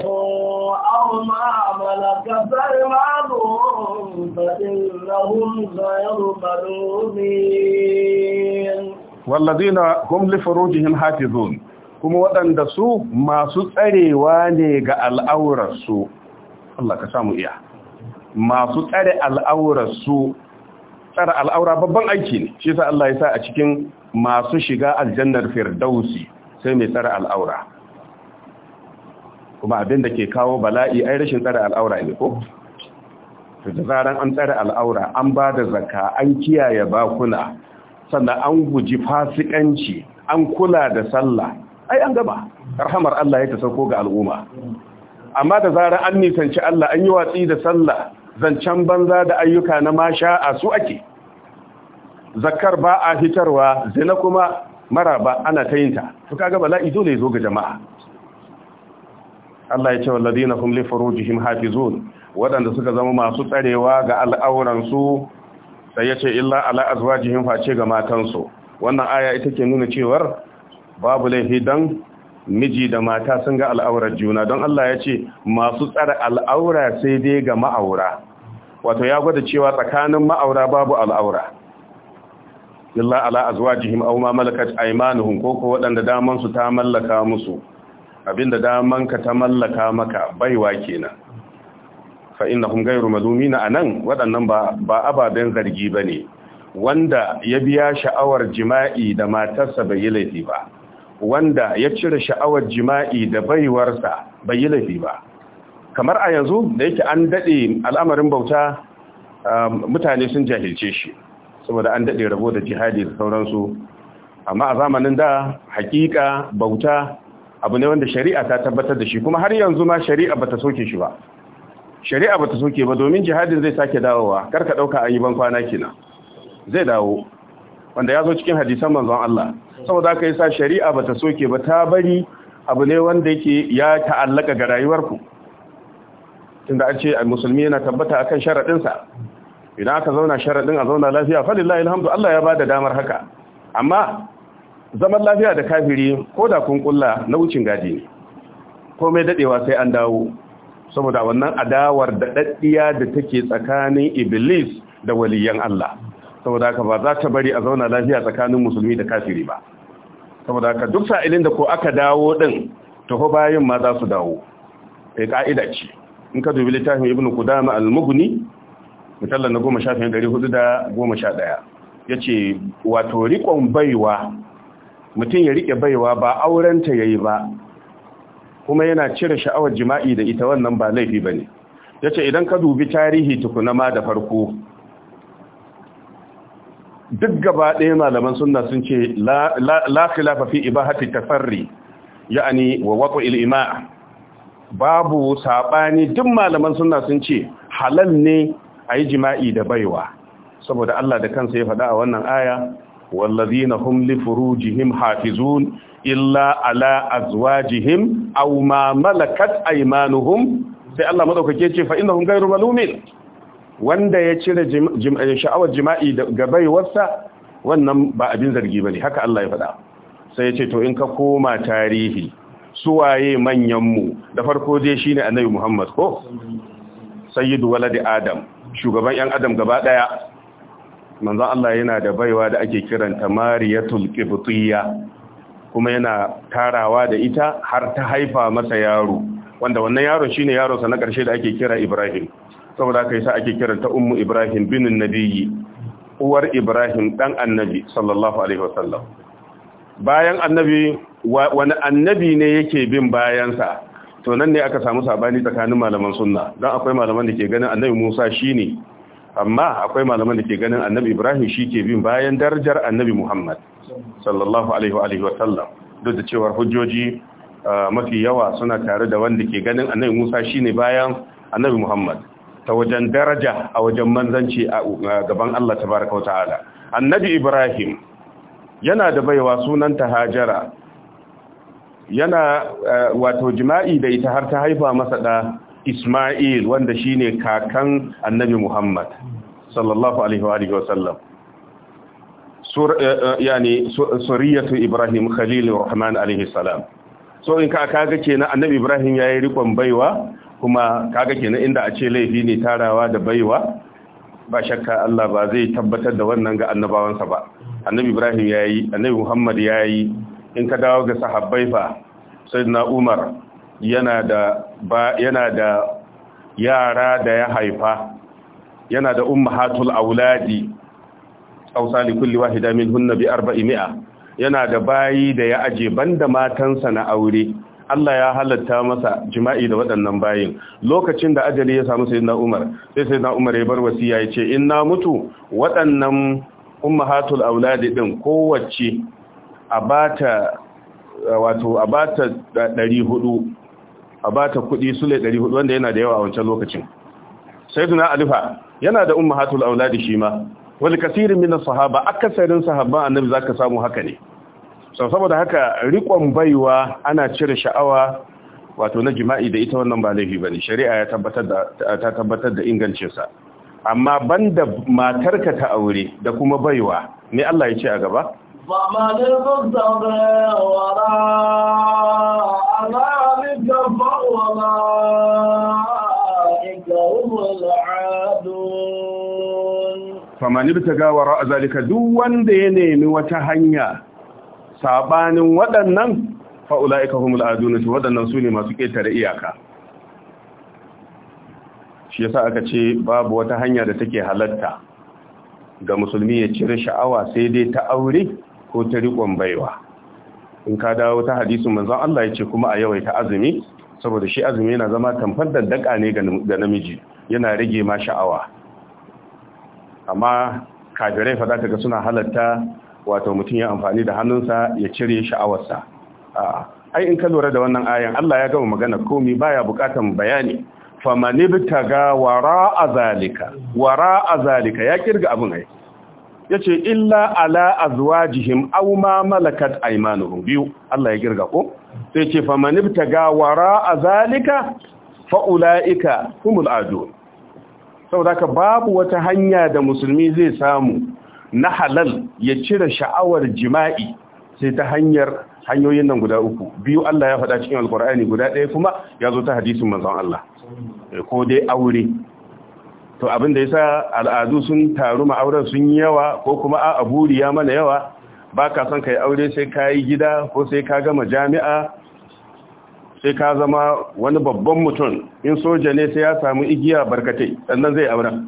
أو ما ملكت أيمانهم فإنهم غير ملومين والذين هم لفروجهم حافظون kuma waɗanda su masu tsarewa ne ga al'aurarsu Allah ka samu iya masu tsare al'aura su, tsare al'aura babban aiki ne shi sa Allah ya sa a cikin masu shiga aljannar firdausi sai mai tsare al'aura kuma abin da ke kawo bala'i ai rashin tsare al'aura ne ko to da zaran an tsare al'aura an ba da zakka an kiyaye bakuna sannan an guji fasikanci an kula da sallah ai an gaba rahamar Allah ya ta sauko ga al'umma amma da zarar an nisanci Allah an yi watsi da sallah zancen banza da ayyuka na masha a su ake zakar ba a fitarwa zina kuma mara ba ana ta yinta to kaga bala'i dole zo ga jama'a Allah ya ce walladina hum li furujihim hafizun wadanda suka zama masu tsarewa ga al'auran su sai ce illa ala azwajihim face ga matan su wannan aya ita ke nuna cewar babu laifi dan miji da mata sun ga al'aurar juna don Allah ya ce masu tsara al'aura sai dai ga ma'aura wato ya gwada cewa tsakanin ma'aura babu al'aura illa ala azwajihim aw ma malakat aymanuhum ko ko wadanda daman su ta mallaka musu abinda daman ka ta mallaka maka baiwa kenan fa innahum ghayru madumina anan wadannan ba ba ababen zargi bane wanda ya biya sha'awar jima'i da matarsa bai yi laifi ba wanda ya cire sha'awar jima'i da baiwarsa bai yi laifi ba kamar a yanzu da yake an daɗe al'amarin bauta um, mutane sun jahilce shi saboda an daɗe rabo da jihadi da sauransu amma a zamanin da hakika bauta abu ne wanda shari'a ta tabbatar da shi kuma har yanzu ma shari'a bata soke shi ba shari'a bata soke ba domin jihadin zai sake dawowa kar ka ɗauka an yi ban kwana kenan zai dawo wanda ya zo cikin hadisan manzon Allah saboda yi sa shari'a ba ta soke ba ta bari abu ne wanda yake ya ta'allaka ga rayuwarku tunda an ce a musulmi yana tabbata akan kan sharaɗinsa. idan aka zauna sharaɗin a zauna lafiya falillahi alhamdu Allah ya ba da damar haka amma zaman lafiya da kafiri ko da kun kulla na wucin gadi ne komai daɗewa sai an dawo saboda wannan adawar da ɗaɗɗiya da take tsakanin iblis da waliyan Allah saboda haka ba za ta bari a zauna lafiya tsakanin musulmi da kafiri ba saboda haka duk sa'ilin da ko aka dawo din taho bayan ma za su dawo sai eh, ka'ida ce in ka dubi littafin ibn qudama al-mughni mujallal na Ya ce, wato riƙon baiwa mutum ya riƙe baiwa ba auren ta yi ba kuma yana cire sha'awar jima'i da ita wannan ba laifi ba ne. Ya ce, idan ka dubi tarihi tukunama da farko duk gaba ɗaya malaman sunna sun ce la khilafa fi ibahati tafarri ya'ani wa waqa'il ima babu saɓani. duk malaman sunna sun ce halal ne ayi jima'i da baiwa saboda Allah da kansa ya faɗa a wannan aya wallazina hum li furujihim hafizun illa ala azwajihim aw ma malakat aymanuhum sai Allah madaukake ce fa innahum ghayru malumin wanda ya cire sha'awar jima'i ga baiwarsa wannan ba abin zargi ba ne, haka Allah ya faɗa sai ya ce to in ka koma tarihi suwaye manyanmu da farko dai shine annabi Muhammad ko sayyidu waladi adam shugaban yan adam gaba daya manzon Allah yana da baiwa da ake kiranta mariyatul qibtiyya kuma yana tarawa da ita har ta haifa masa yaro wanda wannan yaro shine yaro sa na ƙarshe da ake kira Ibrahim saboda haka yasa ake kiranta ummu ibrahim bin nabiyyi uwar ibrahim dan annabi sallallahu alaihi wasallam bayan annabi wani annabi ne yake bin bayansa to nan ne aka samu sabani tsakanin malaman sunna don akwai malaman da ke ganin annabi musa shine amma akwai malaman da ke ganin annabi ibrahim shi ke bin bayan darajar annabi muhammad sallallahu alaihi wa alihi wasallam duk da cewar hujjoji ah, mafi yawa suna tare da wanda ke ganin annabi musa shine bayan annabi muhammad ta wajen daraja a wajen manzanci a gaban Allah tabaraka wa ta'ala annabi ibrahim yana da baiwa sunanta hajara yana eh, wato jima'i da ita har ta haifa masa da isma'il wanda shine kakan annabi muhammad sallallahu alaihi wa alihi sallam eh, eh, yani suriyatu ibrahim Khalil rahman alaihi salam so in ka kaga kenan annabi ibrahim yayi rikon baiwa kuma kaga kenan inda a ce laifi ne tarawa da baiwa ba shakka Allah ba zai tabbatar da wannan ga annabawansa ba annabi Ibrahim yayi annabi Muhammad yayi in ka dawo ga sahabbai fa sayyidina Umar yana da ba yana da yara da ya haifa yana da ummahatul auladi ausa li kulli wahida minhunna bi 400 yana da bayi da ya aje banda matansa na aure Allah ya halatta masa jima'i da waɗannan bayin lokacin da ajali ya samu sayyidina Umar sai sayyidina Umar ya bar wasiya ya ce in na mutu waɗannan ummahatul auladi din kowace a bata wato a bata 400 a bata kuɗi sule 400 wanda yana da yawa a wancan lokacin sayyidina Alifa yana da ummahatul auladi shi ma wal kasirin min as-sahaba akasarin sahabban annabi zaka samu haka ne sau saboda haka rikon baiwa ana cire sha'awa wato na jima'i da ita wannan ba laifi bane shari'a ya tabbatar da ta tabbatar da ingancinsa amma banda matarka ta aure da kuma baiwa ne Allah ya ce a gaba فمن ابتغى وراء ذلك فأولئك هم العادون فمن ابتغى a zalika duk wanda ya nemi wata hanya sabanin waɗannan fa'ula mul'adu humul adunatu waɗannan su ne masu ƙetare iyaka shi yasa aka ce babu wata hanya da take halatta ga musulmi ya cire sha'awa sai dai ta aure ko ta riƙon baiwa in ka dawo ta hadisu manzon Allah ya ce kuma a ta azumi saboda shi azumi yana zama tamfar daddaka ne ga namiji yana rage ma sha'awa amma kafirai fa za ka ga suna halatta wato mutum ya amfani da hannunsa ya cire sha'awarsa ai in ka lura da wannan ayan Allah ya gama magana komi baya bukatan bayani famani bitaga wara azalika wara azalika ya kirga abin ai yace illa ala azwajihim aw ma malakat aymanuhum biyu Allah ya kirga ko sai yace famani wara azalika fa ulaika humul adun saboda ka babu wata hanya da musulmi zai samu na halal ya cire sha'awar jima'i sai ta hanyar hanyoyin nan guda uku biyu Allah ya faɗa cikin alkur'ani guda ɗaya kuma ya zo ta hadisin manzon Allah eh, ko dai aure to abin da yasa al'adu sun taru ma'auran sun yi yawa ko kuma a aburi ya mana yawa ba ka son ka yi aure sai ka yi gida ko sai ka gama jami'a sai ka zama wani babban mutum in soja ne sai ya samu igiya barkatai sannan zai auren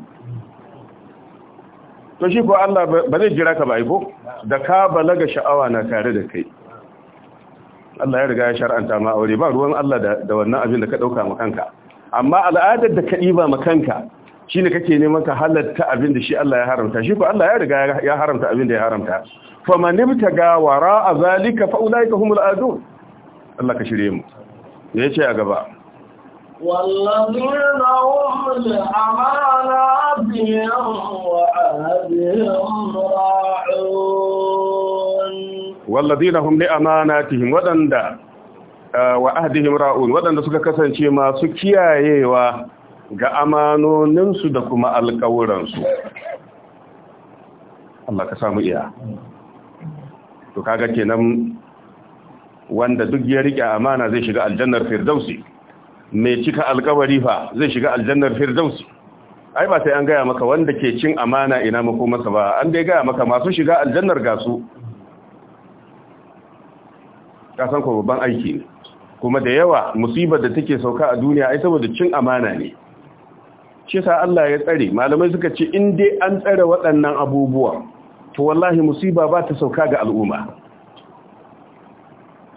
to shi ko Allah ba zai jira ka ba ko da ka balaga sha'awa na tare da kai Allah ya riga ya shar'anta ma aure ba ruwan Allah da wannan abin da ka dauka ma kanka amma al'adar da ka diba ma kanka shine kake neman ka halatta abin da shi Allah ya haramta shi ko Allah ya riga ya haramta abin da ya haramta Fa faman ibtaga wara'a zalika fa ulaika humul adun Allah ka shirye mu yace a gaba والذين هم لأماناتهم وعهدهم راعون والذين هم لأماناتهم ودندا وعهدهم راعون ودندا suka kasance masu kiyayewa ga amanoninsu da kuma alƙawuransu Allah ka samu iya to kaga kenan wanda duk ya rike amana zai shiga aljannar firdausi mai cika alkawari fa zai shiga aljannar Firdaus? ai ba sai an gaya maka wanda ke cin amana ina ko masa ba an dai gaya maka masu shiga aljannar gasu ka san ko babban aiki ne kuma da yawa musibar da take sauka a duniya ai saboda cin amana ne shi sa Allah ya tsare malamai suka ce in dai an tsare waɗannan abubuwa to wallahi musiba ba ta sauka ga al'umma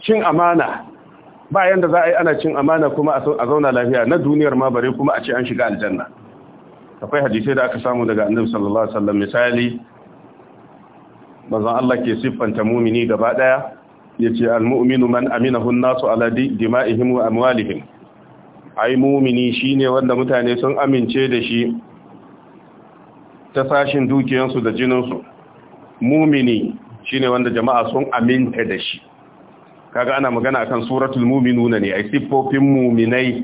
cin amana ba yanda za a yi ana cin amana kuma a zauna lafiya na duniyar ma bare kuma a ce an shiga aljanna akwai hadisai da aka samu daga annabi sallallahu alaihi wasallam misali bazan Allah ke siffanta mumini gaba daya yace almu'minu man aminahu an-nasu ala dima'ihim wa amwalihim ai mumini shine wanda mutane sun amince da shi ta sashin dukiyansu da jininsu mumini shine wanda jama'a sun aminta da shi kaga ana magana akan suratul mu'minun ne ai sifofin mu'minai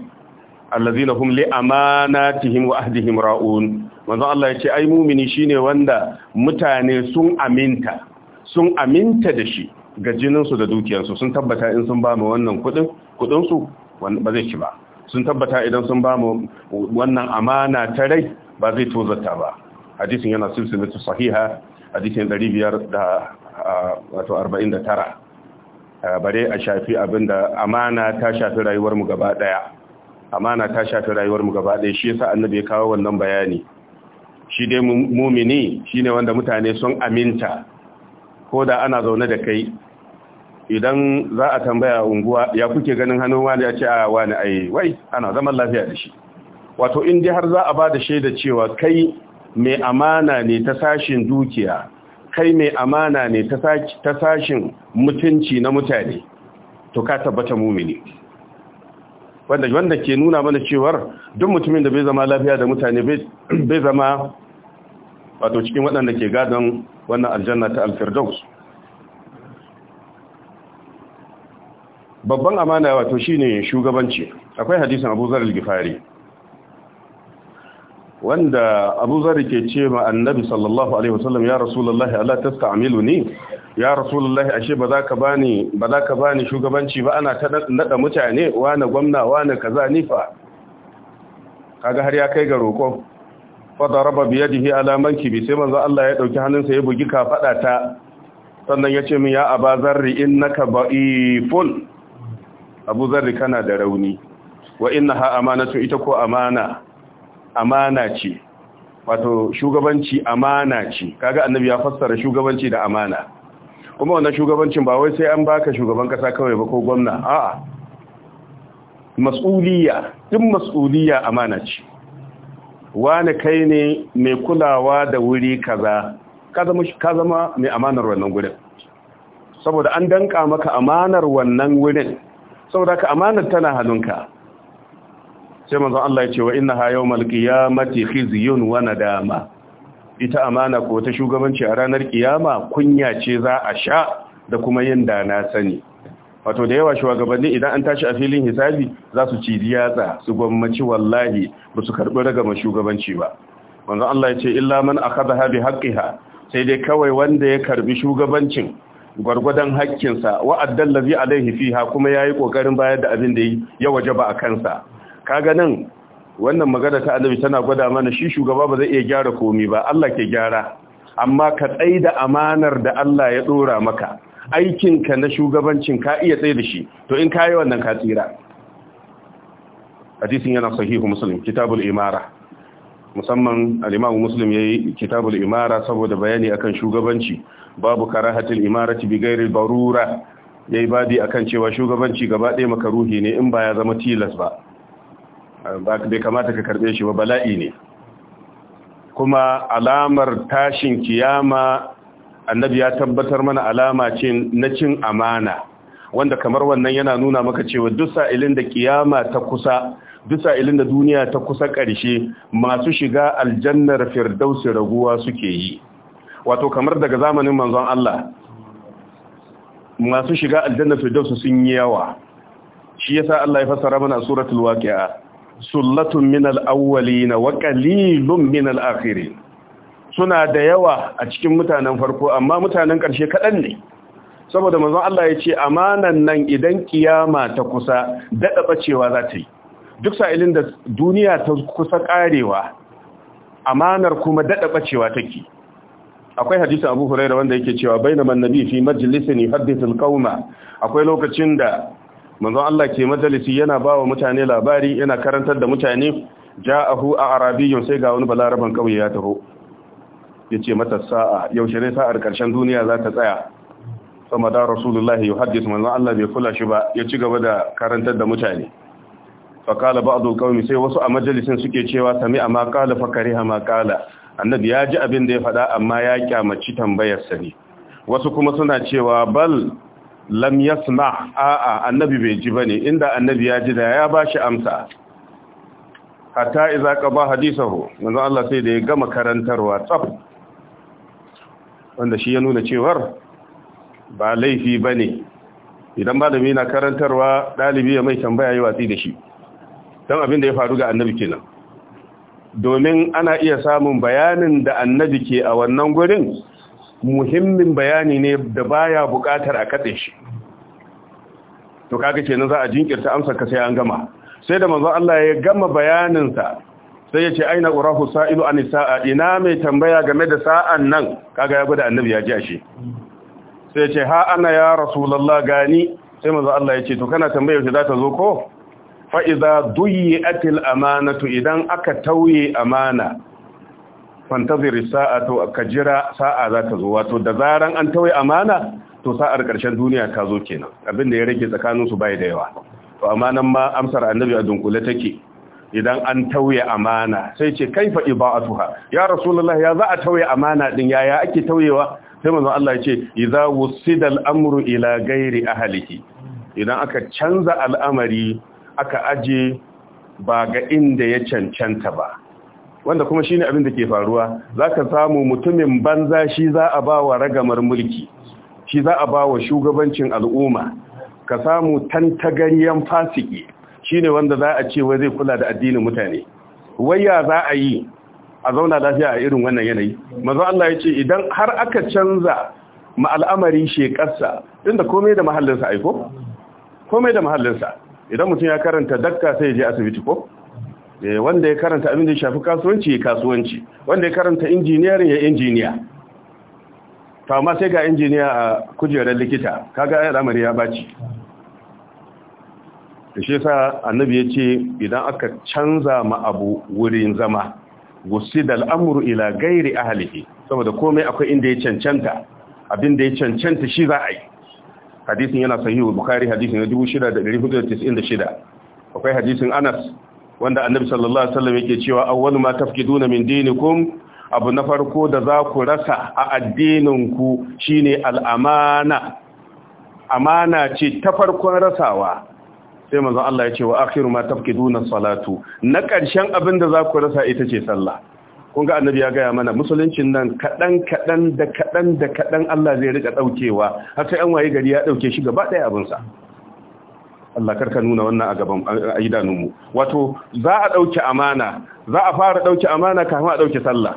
allazina hum li amanatihim wa ahdihim ra'un manzo Allah yace ai mu'mini shine wanda mutane sun aminta sun aminta da shi ga jinin da dukiyar su sun tabbata in sun ba wannan kudin kudin ba zai ci ba sun tabbata idan sun bamu wannan amana ta rai ba zai tozata ba hadisin yana silsilatu sahiha hadisin 549 Eh, bare a shafi abin da amana ta shafi rayuwarmu gaba ɗaya. amana ta shafi rayuwar gaba daya shi yasa annabi ya kawo wannan bayani shi dai mumini shine wanda mutane sun aminta ko da ana zaune da kai idan za a tambaya unguwa ya kuke ganin hannun wani ya ce a wani ai wai ana zaman lafiya da shi wato in dai har za a ba da shaida cewa kai mai amana ne ta sashin dukiya kai mai amana ne ta sashin mutunci na mutane to ka tabbata mumini wanda wanda ke nuna mana cewar duk mutumin da bai zama lafiya da mutane bai zama wato cikin waɗanda ke gadon wannan aljanna ta alfirdaus babban amana wato shine shugabanci akwai hadisin Abu Zar al wanda abu zari ke ce ma annabi sallallahu alaihi wasallam ya rasulullahi ala sta'amilu ni ya rasulullahi ashe ba za ka bani ba za ka bani shugabanci ba ana ta nada mutane wa na gwamna na kaza ni fa kaga har ya kai ga roƙo fa daraba bi yadihi ala bi sai manzo Allah ya dauki hannunsa ya bugi kafada ta sannan ya ce min ya abazarri innaka ba'iful abu zarri kana da rauni wa innaha amanatu ita ko amana amana ce wato shugabanci amana ce kaga annabi ya fassara shugabanci da amana kuma wannan shugabancin ba wai sai an baka shugaban kasa kawai ba ko gwamna a'a mas'uliya din mas'uliya amana ce wani kai ne mai kulawa da wuri kaza ka zama mai amanar wannan gurin saboda an danka maka amanar wannan wurin saboda ka amanar tana hannunka sai manzo Allah ya ce wa innaha yawmal qiyamati khizyun wa nadama ita amana ko ta shugabanci a ranar kiyama kunya ce za a sha da kuma yin da na sani wato da yawa shugabanni idan an tashi a filin hisabi za su ci riyaza su gwammaci wallahi ba su karɓi ragama shugabanci ba manzo Allah ya ce illa man akhadha bi haqqiha sai dai kawai wanda ya karbi shugabancin gwargwadon hakkinsa wa'addan lazi alaihi fiha kuma ya yi ƙoƙarin bayar da abin da ya waje ba a kansa Ka ga nan wannan magana ta annabi tana gwada mana shi shugaba ba zai iya gyara komi ba Allah ke gyara amma ka tsai da amanar da Allah ya dora maka aikinka na shugabancin ka iya tsai da shi to in kayi wannan ka tsira hadisin yana sahihu muslim kitabul imara musamman al-imamu muslim yayi kitabul imara saboda bayani akan shugabanci babu karahatul imarati bi ghairi barura yayi badi akan cewa shugabanci gaba ɗaya makaruhi ne in ba ya zama tilas ba bai kamata ka karbe shi ba bala'i ne kuma alamar tashin kiyama annabi ya tabbatar mana alama ce na cin amana wanda kamar wannan yana nuna maka cewa duk sa'ilin da kiyama ta kusa duk sa'ilin da duniya ta kusa ƙarshe masu shiga aljannar firdausi raguwa suke yi wato kamar daga zamanin manzon Allah masu shiga aljannar firdausi sun yi yawa shi yasa Allah ya fassara mana suratul waqi'a sullatun min al na wa qalilun min al suna da yawa a cikin mutanen farko amma mutanen ƙarshe kaɗan ne saboda manzon Allah ya ce amanan nan idan kiyama ta kusa daɗa ɓacewa za ta yi duk sa'ilin da duniya ta kusa ƙarewa amanar kuma daɗa ɓacewa take akwai hadisin abu huraira wanda yake cewa bainaman nabi fi majlisin yuhaddithu akwai lokacin da manzon Allah ke majalisi yana bawa mutane labari yana karantar da mutane ja'ahu a arabiyyun sai ga wani balaraban kauye ya taho Ya ce mata sa'a yaushe ne sa'ar karshen duniya za ta tsaya sama da rasulullahi haddisa manzon Allah bai kula shi ba ya ci gaba da karantar da mutane kala ba a sai wasu a majalisin suke cewa sami a fa kariha a kala annabi ya ji abin da ya faɗa amma ya kyamaci tambayarsa ne wasu kuma suna cewa bal lam yasma a'a annabi bai ji bane inda annabi ya ji da ya bashi amsa hatta idza qaba hadisahu manzo Allah sai da ya gama karantarwa tsaf wanda shi ya nuna cewar ba laifi bane idan malami yana karantarwa dalibi ya mai tambaya yi watsi da shi don abin da ya faru ga annabi kenan domin ana iya samun bayanin da annabi ke a wannan gurin muhimmin bayani ne da baya bukatar a katse shi to kaga kenan za a jinkirta amsar ka sai an gama sai da manzo Allah ya gama bayanin sa sai ya ce aina urahu sa'ilu an sa'a ina mai tambaya game da sa'an nan kaga ya gwada annabi ya ji shi. sai ya ce ha ana ya rasulullah gani sai manzo Allah ya ce to kana tambaya shi za ta zo ko fa idza duyi'atil amanatu idan aka tauye amana fantazir sa'atu ka jira sa'a za ta zo wato da zaran an tauye amana to sa'ar karshen duniya ta zo kenan abin da ya rage tsakanin su bai da yawa to amanan ma amsar annabi a dunkule take idan an tauye amana sai ce kaifa iba'atuha ya rasulullah ya za a tauye amana din ya Ya ake tauyewa sai manzo Allah ya ce idza wusida al-amru ila ghairi ahlihi idan aka canza al'amari aka aje ba ga inda ya cancanta ba wanda kuma shine abin da ke faruwa zaka samu mutumin banza shi za a ba wa ragamar mulki shi za a ba wa shugabancin al'umma ka samu tantagariyan fasiki shine wanda za a ce wai zai kula da addinin mutane waya za a yi a zauna lafiya a irin wannan yanayi manzo Allah ya ce idan har aka canza ma al'amari shekarsa inda komai da mahallinsa aiko komai da mahallinsa idan mutum ya karanta dakka sai ya je asibiti ko Eh, wanda ya karanta abin da ya shafi kasuwanci ya kasuwanci wanda ya karanta injiniyarin ya injiniya to amma sai ga injiniya a kujerar likita kaga al'amari ya baci da shi sa annabi ya ce idan aka canza ma abu wurin zama gusi da al'amuru ila gairi a halifi. saboda komai akwai inda ya cancanta abin da ya cancanta shi za a yi hadisun yana sahihu bukari hadisun na 6496 akwai hadisin anas wanda annabi sallallahu alaihi wasallam yake cewa awwalu ma tafkiduna min dinikum abu na farko da za ku rasa a addininku shine al'amana amana ce ta farkon rasawa sai manzo Allah ya ce wa akhiru ma tafkiduna salatu na ƙarshen abin da za ku rasa ita ce sallah kun ga annabi ya gaya mana musuluncin nan kaɗan kaɗan da kaɗan da kaɗan Allah zai rika ɗaukewa har sai an waye gari ya ɗauke shi gaba ɗaya abinsa Allah karka nuna wannan a gaban idanunmu wato za a ɗauki amana za a fara ɗauki amana kafin a ɗauki sallah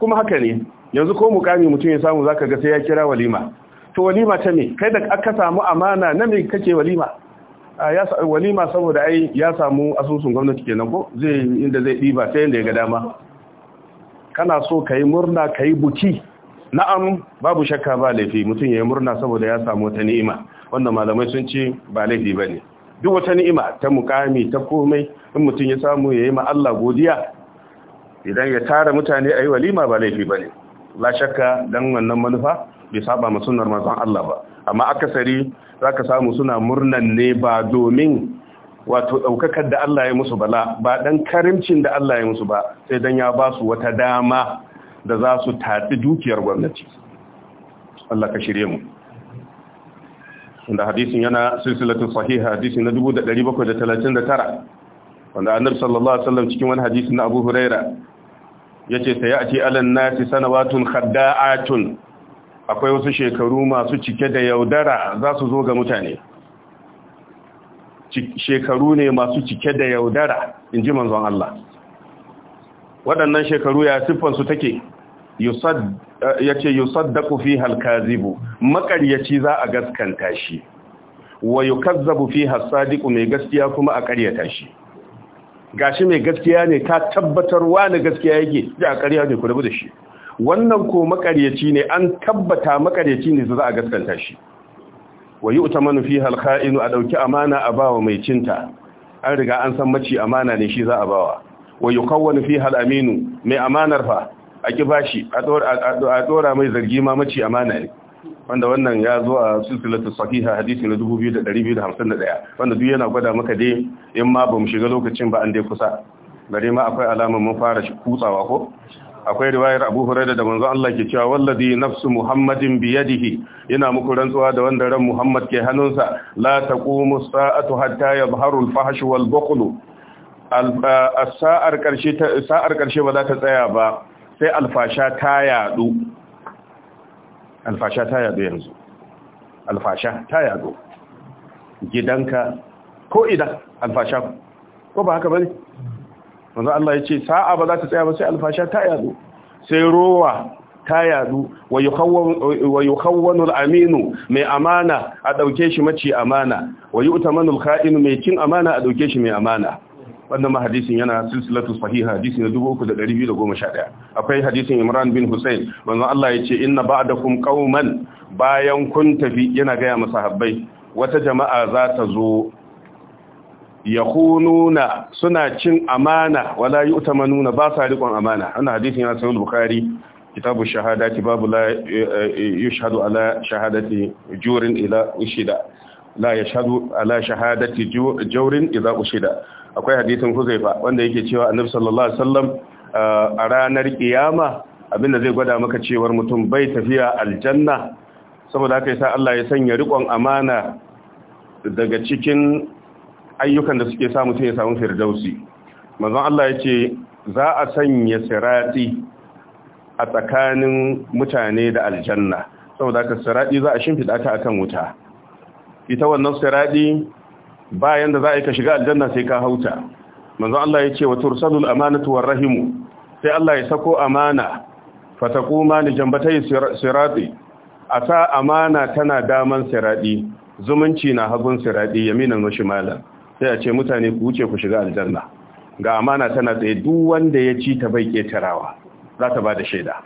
kuma haka ne yanzu ko mukami mutum ya samu zaka ga sai ya kira walima to walima ta me kai da aka samu amana na me kake walima ya walima saboda ai ya samu asusun gwamnati kenan ko zai inda zai diba sai inda ya ga dama kana so kai murna kai buki na'am babu shakka ba laifi mutum ya yi murna saboda ya samu ta ni'ima Wannan malamai sun ce ba laifi ba ne. duk wata ni'ima ta mukami ta komai in mutum ya samu ya yi ma Allah godiya idan ya tara mutane a yi walima ba laifi ba ne la shakka don wannan manufa bai saba ma sunnar manzon Allah ba amma akasari ka samu suna murnan ne ba domin wato ɗaukakar da Allah ya musu bala ba ɗan karimcin da Allah ya musu ba sai don ya ba su wata dama da za su tafi dukiyar gwamnati Allah ka shirye mu wanda hadisin yana silsilatun sahiha hadisi na 1739 wanda annabi sallallahu alaihi wasallam cikin wani hadisi na Abu Huraira yace sayati alan nasi sanawatun khadda'atun akwai wasu shekaru masu cike da yaudara za su zo ga mutane shekaru ne masu cike da yaudara inji manzon Allah waɗannan shekaru ya siffansu take Eh, ya ce yusaddaku fi halkazibu makaryaci za a gaskanta shi wa yukazzabu fi hasadiku mai gaskiya kuma a karyata shi gashi mai gaskiya ne ka tabbatar wani gaskiya yake da a karya ne ku rabu da shi wannan ko makaryaci ne an tabbata makaryaci ne za a gaskanta shi wa yu'tamanu fi halqa'inu a ɗauki amana a bawa mai cinta an riga an san maci amana ne shi za a bawa wa yukawwanu fi aminu mai amanar fa a ki shi a tsora mai zargi ma mace amana ne wanda wannan ya zo a silsilatu sahiha hadisi na 2251 wanda duk yana gwada maka dai in ma bamu shiga lokacin ba an dai kusa gare ma akwai alamar mun fara kutsawa ko akwai riwayar Abu Hurairah da manzo Allah ke cewa wallazi nafsu Muhammadin bi yadihi yana muku rantsuwa da wanda ran Muhammad ke hannunsa la taqumu sa'atu hatta yadhharu al-fahshu wal-buqlu al saar karshe sa'ar karshe ba za ta tsaya ba sai alfasha ta yadu alfasha ta yadu yanzu alfasha ta yadu gidanka ko idan alfasha ko ba haka bane manzo Allah yace sa'a ba za ta tsaya ba sai alfasha ta yadu sai rowa ta yadu wa yukhawwanu al-aminu mai amana a dauke shi mace amana wa yu'tamanu al-kha'inu mai kin amana a dauke shi mai amana wannan ma hadisin yana silsilatu sahiha hadisi na 3211 akwai hadisin Imran bin Hussein manzon Allah yace inna ba'dakum qauman bayan kun tafi yana ga ya masahabbai wata jama'a za ta zo yakhununa suna cin amana wala yu'tamanuna ba sa riƙon amana wannan hadisin yana sahih bukhari kitabu shahadati babu la eh, eh, yushhadu ala shahadati jurin ila ushida la ya ala shahadati ushida akwai hadisin huzaifa wanda yake cewa annabi sallallahu alaihi wasallam ah, a ranar kiyama abinda zai gwada maka cewar mutum bai tafiya aljanna saboda haka yasa Allah ya sanya riƙon amana daga cikin ayyukan da suke sa mutum ya samu firdausi manzon Allah yake za a sanya sirati a tsakanin mutane da aljanna saboda haka sirati za a shimfida ta akan wuta ita wannan sirati bayan da za a yi ka shiga aljanna sai ka hauta manzo Allah ya ce wa tursalul amanatu war rahimu sai Allah ya sako amana fatakuma ni jambatai sirati asa amana tana daman siradi zumunci na hagun siradi yaminan wa shimala sai a ce mutane ku wuce ku shiga aljanna ga amana tana tsaye duk wanda ya ci ta bai ketarawa za ta bada shaida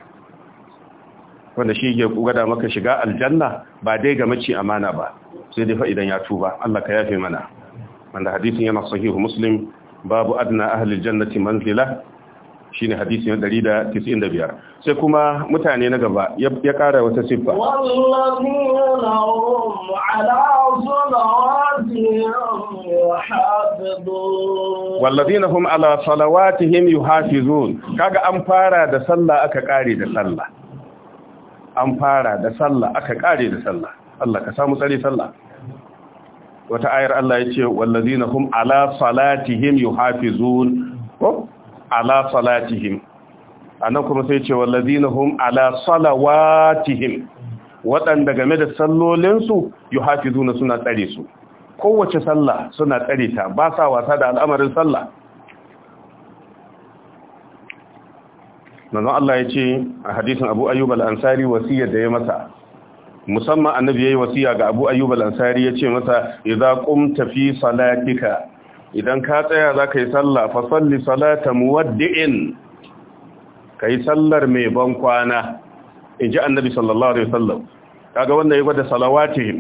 wanda shi ke gada maka shiga aljanna ba dai ga mace amana ba sai dai fa idan ya tuba Allah ka yafe mana wanda hadisin yana sahihu muslim babu adna ahlil jannati manzila shine hadisi na 195 sai kuma mutane na gaba ya kara wata siffa wallazina hum ala salawatihim yuhafizun kaga an fara da sallah aka kare da sallah an fara da sallah aka kare da sallah Allah ka samu tsare sallah wata ayar Allah ya ce wallazina hum ala salatihim yuhafizun ala salatihim anan kuma sai ce wallazina hum ala salawatihim waɗanda game da sallolinsu yuhafizuna suna tsare su kowace sallah suna tsare ta ba sa wasa da al'amarin sallah manzon Allah ya ce a hadisin Abu Ayyub al-Ansari wasiyar da ya masa musamman annabi yayi wasiya ga Abu Ayyub al-Ansari yace masa idza qumta fi salatika idan ka tsaya zaka yi sallah fa salli salata muwaddi'in kai sallar mai ban kwana inji annabi sallallahu alaihi wasallam kaga wannan ya gwada salawatihim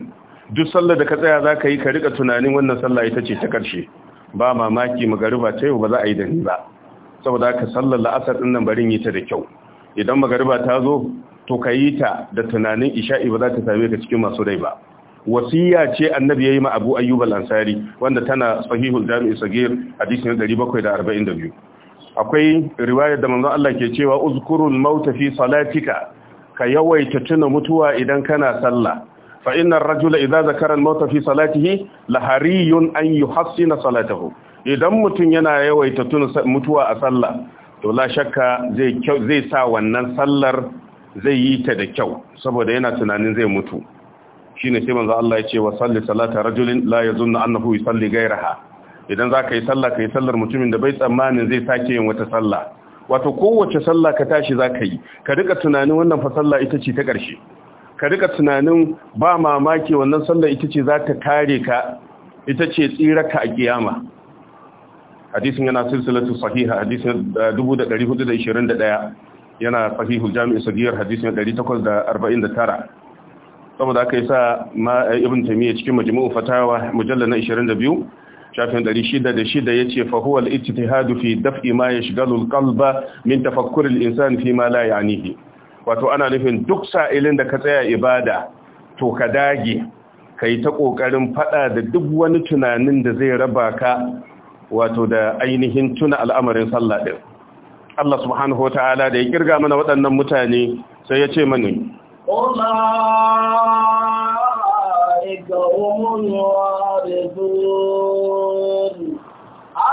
duk sallar da ka tsaya zaka yi ka rika tunanin wannan sallah ita ce ta karshe ba mamaki magariba ta yau ba za a yi da ni ba saboda ka sallar la'asar din nan barin yi ta da kyau idan magariba ta zo to ka yi ta da tunanin isha'i ba za ta same ka cikin masu rai ba wasiya ce annabi ya yi ma abu Ayyubal al-ansari wanda tana sahihul jami'i sagir hadisi na 742 akwai riwayar da manzon Allah ke cewa uzkurul mauta fi salatika ka yawaita tuna mutuwa idan kana sallah fa rajula idza zakara al-mauta fi salatihi la hariyun an yuhassina salatahu idan mutum yana yawaita tuna mutuwa a sallah to la shakka zai zai sa wannan sallar zai yi ta da kyau saboda yana tunanin zai mutu Shi ne sai manzo Allah ya ce wa salli salata rajulin la yazunna annahu yusalli ghayraha idan zaka yi sallah kai sallar mutumin da bai tsammanin zai sake yin wata sallah wato kowace sallah ka tashi zaka yi ka rika tunanin wannan fa sallah ita ce ta ƙarshe ka rika tunanin ba mamaki wannan sallah ita ce za ta kare ka ita ce tsiraka a kiyama hadisin yana silsilatu sahiha hadisin 1421 eh, yana sahihul jami'i sagiyar na 849 saboda aka yi sa ma eh, ibn cikin majmu'u fatawa mujallar na 22 shafin 606 ce fa huwa al hadu fi daf'i ma yashghalu al-qalba min tafakkur al-insan fi ma la ya'nihi wato ana nufin duk sa'ilin da ka tsaya ibada to ka dage kai ta kokarin fada da duk wani tunanin da zai raba ka wato da ainihin tuna al'amarin sallah din Allah subhanahu wa ta'ala da ya kirga mana waɗannan mutane sai ya ce mani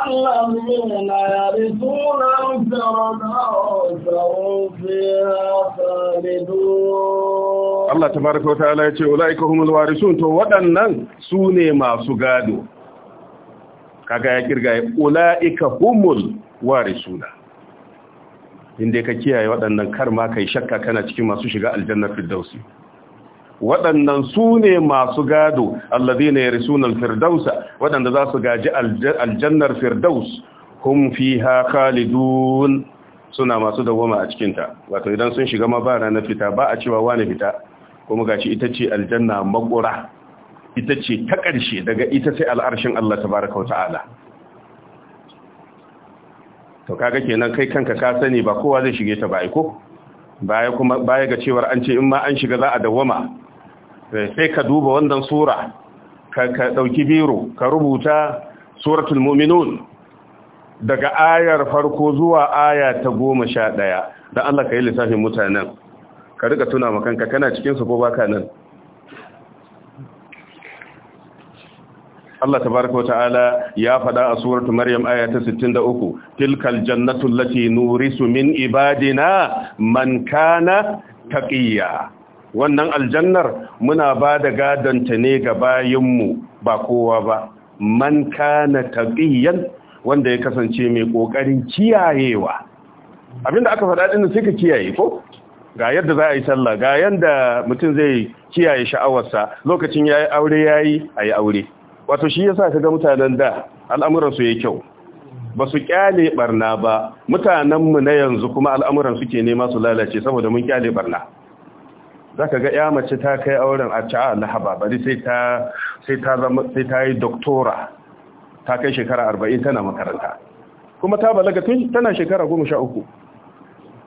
الذين يرثون الفردوس Allah ta خالدون wa ta'ala ya ce أولئك هم الوارثون to waɗannan su ne masu gado kaga ya kirga ulaika humul warisuna inda ka kiyaye waɗannan kar ma kai shakka kana cikin masu shiga aljannar firdausi waɗannan su ne masu gado allazi ne risunan firdausa waɗanda za su gaji aljannar firdaus hum fiha khalidun suna masu dawoma a cikinta wato idan sun shiga ma ba ranar fita ba a cewa wani fita kuma gashi ita ce aljanna makura ita ce ta ƙarshe daga ita sai al'arshin Allah tabaraka wa ta'ala to kaga kenan kai kanka ka sani ba kowa zai shige ta ba ko baya kuma baya ga cewar an ce in ma an shiga za a dawwama eh, sai ka duba wannan sura ka ka dauki biro ka rubuta suratul mu'minun daga ayar farko zuwa aya ta 11 dan Allah ka yi lissafin mutanen ka rika tuna kanka kana cikin su ko baka nan Allah tabaraka wa ta'ala ya faɗa a suratu Maryam aya ta 63 tilkal jannatu allati nurisu min ibadina man kana taqiya wannan aljannar muna ba da gadanta ne ga bayinmu ba kowa ba man kana taqiyan wanda ya kasance mai kokarin kiyayewa abinda aka faɗa din sai ka kiyaye ko ga yadda za a yi sallah ga yanda mutum zai kiyaye sha'awarsa lokacin yayi aure yayi ayi aure wato shi yasa kaga mutanen da al'amuran su yake kyau ba su kyale barna ba mutanen mu na yanzu kuma al'amuran suke nema su lalace saboda mun kyale barna zaka ga ya mace ta kai auren a ca'a ah, lahaba bari sai ta sai ta zama sai ta yi doktora ta kai shekara 40 tana makaranta kuma ta balaga tun tana shekara 13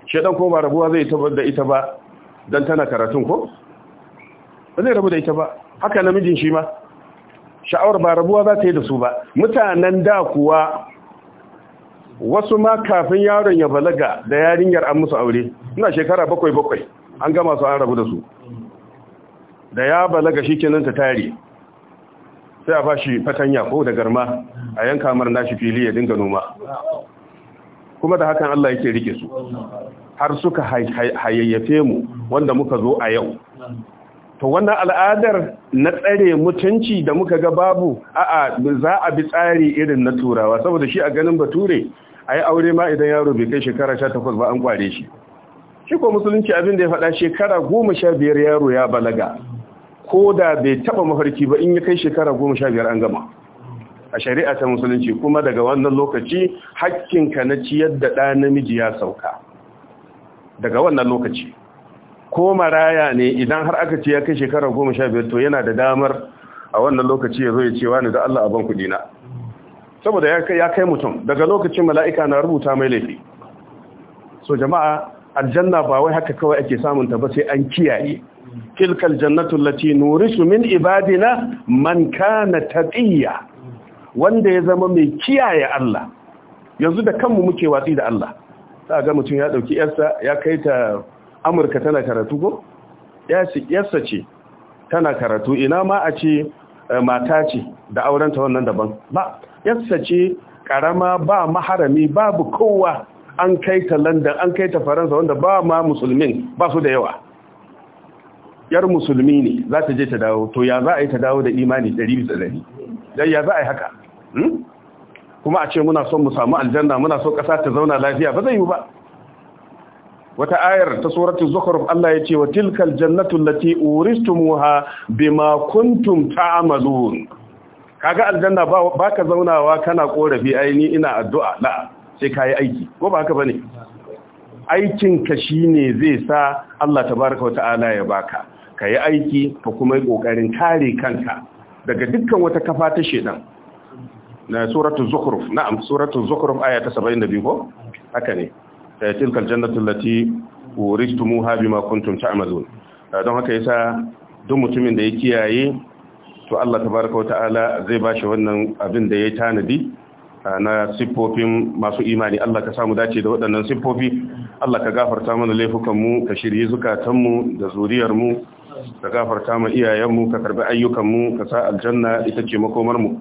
shedan ko ba rabuwa zai tabbar da ita ba dan tana karatun ko ba zai rabu da ita ba haka namijin shi ma sha'awar ba rabuwa za ta yi da su ba mutanen da kuwa wasu ma kafin yaron ya balaga da yarinyar an musu aure ina shekara bakwai bakwai an gama su an rabu da su da ya balaga shi kenan ta tare sai a bashi fatanya ko da garma a yanka mar nashi fili ya dinga noma kuma da hakan Allah yake rike su har suka hayayyafe mu wanda muka zo a yau to wannan al'adar na tsare mutunci da muka ga babu a'a za a bi tsari irin na turawa saboda shi a ganin bature yi aure ma idan yaro bai kai shekara 18 ba an kware shi shi ko musulunci abin da ya faɗa shekara 15 yaro ya balaga ko da bai taba mafarki ba in ya kai shekara 15 an gama a shari'a ta musulunci kuma daga wannan lokaci hakkinka na ciyar da ɗa namiji ya sauka daga wannan lokaci ko maraya ne idan har aka ce ya kai shekara goma sha biyar to yana da damar a wannan lokaci ya zo ya cewa ni da Allah a ban kuɗi saboda ya kai mutum daga lokacin mala'ika na rubuta mai laifi so jama'a aljanna ba wai haka kawai ake samun ta ba sai an kiyaye tilkal jannatun lati nurisu min ibadina man kana taqiya wanda ya zama mai kiyaye Allah yanzu da kanmu muke watsi da Allah za ga mutum ya ɗauki yarsa ya kai ta amurka tana karatu ko yarsa ce tana karatu ina ma a ce eh, mata ce da aurenta wannan daban ba yassa ce karama ba maharami babu kowa an kai ta london an kai ta faransa wanda ba ma musulmin ba su da yawa yar musulmi ne za ta je ta dawo to ya za a yi ta dawo da imani 100% dari? ya za a yi haka hmm? kuma a ce muna son mu samu aljanna muna so ƙasa ta zauna lafiya ba zai yi ba wata ayar ta suratul zukhruf Allah ya ce wa tilkal jannatu allati uristumuha bima kuntum ta'malun kaga aljanna ba baka zaunawa kana korafi ni ina addu'a la sai kai aiki ko ba haka bane aikin ka shine zai sa Allah tabaaraka wa ta'ala ya baka kai aiki ka kuma yi kokarin kare kanka daga dukkan wata kafa ta shedan na suratul zukhruf na'am suratul zukhruf aya ta 72 ko haka ne Eh, tilka aljannatu allati uristumuha bima ta ta'malun eh, don haka yasa duk mutumin da ya kiyaye to Allah tabaraka wata'ala zai bashi wannan abin da ya tanadi eh, na siffofin masu imani Allah ka samu dace da waɗannan siffofi Allah ka gafarta mana laifukanmu ka shirye zukatanmu da zuriyarmu ka gafarta ma iyayenmu ka karbi ayyukanmu ka sa aljanna ita ce makomarmu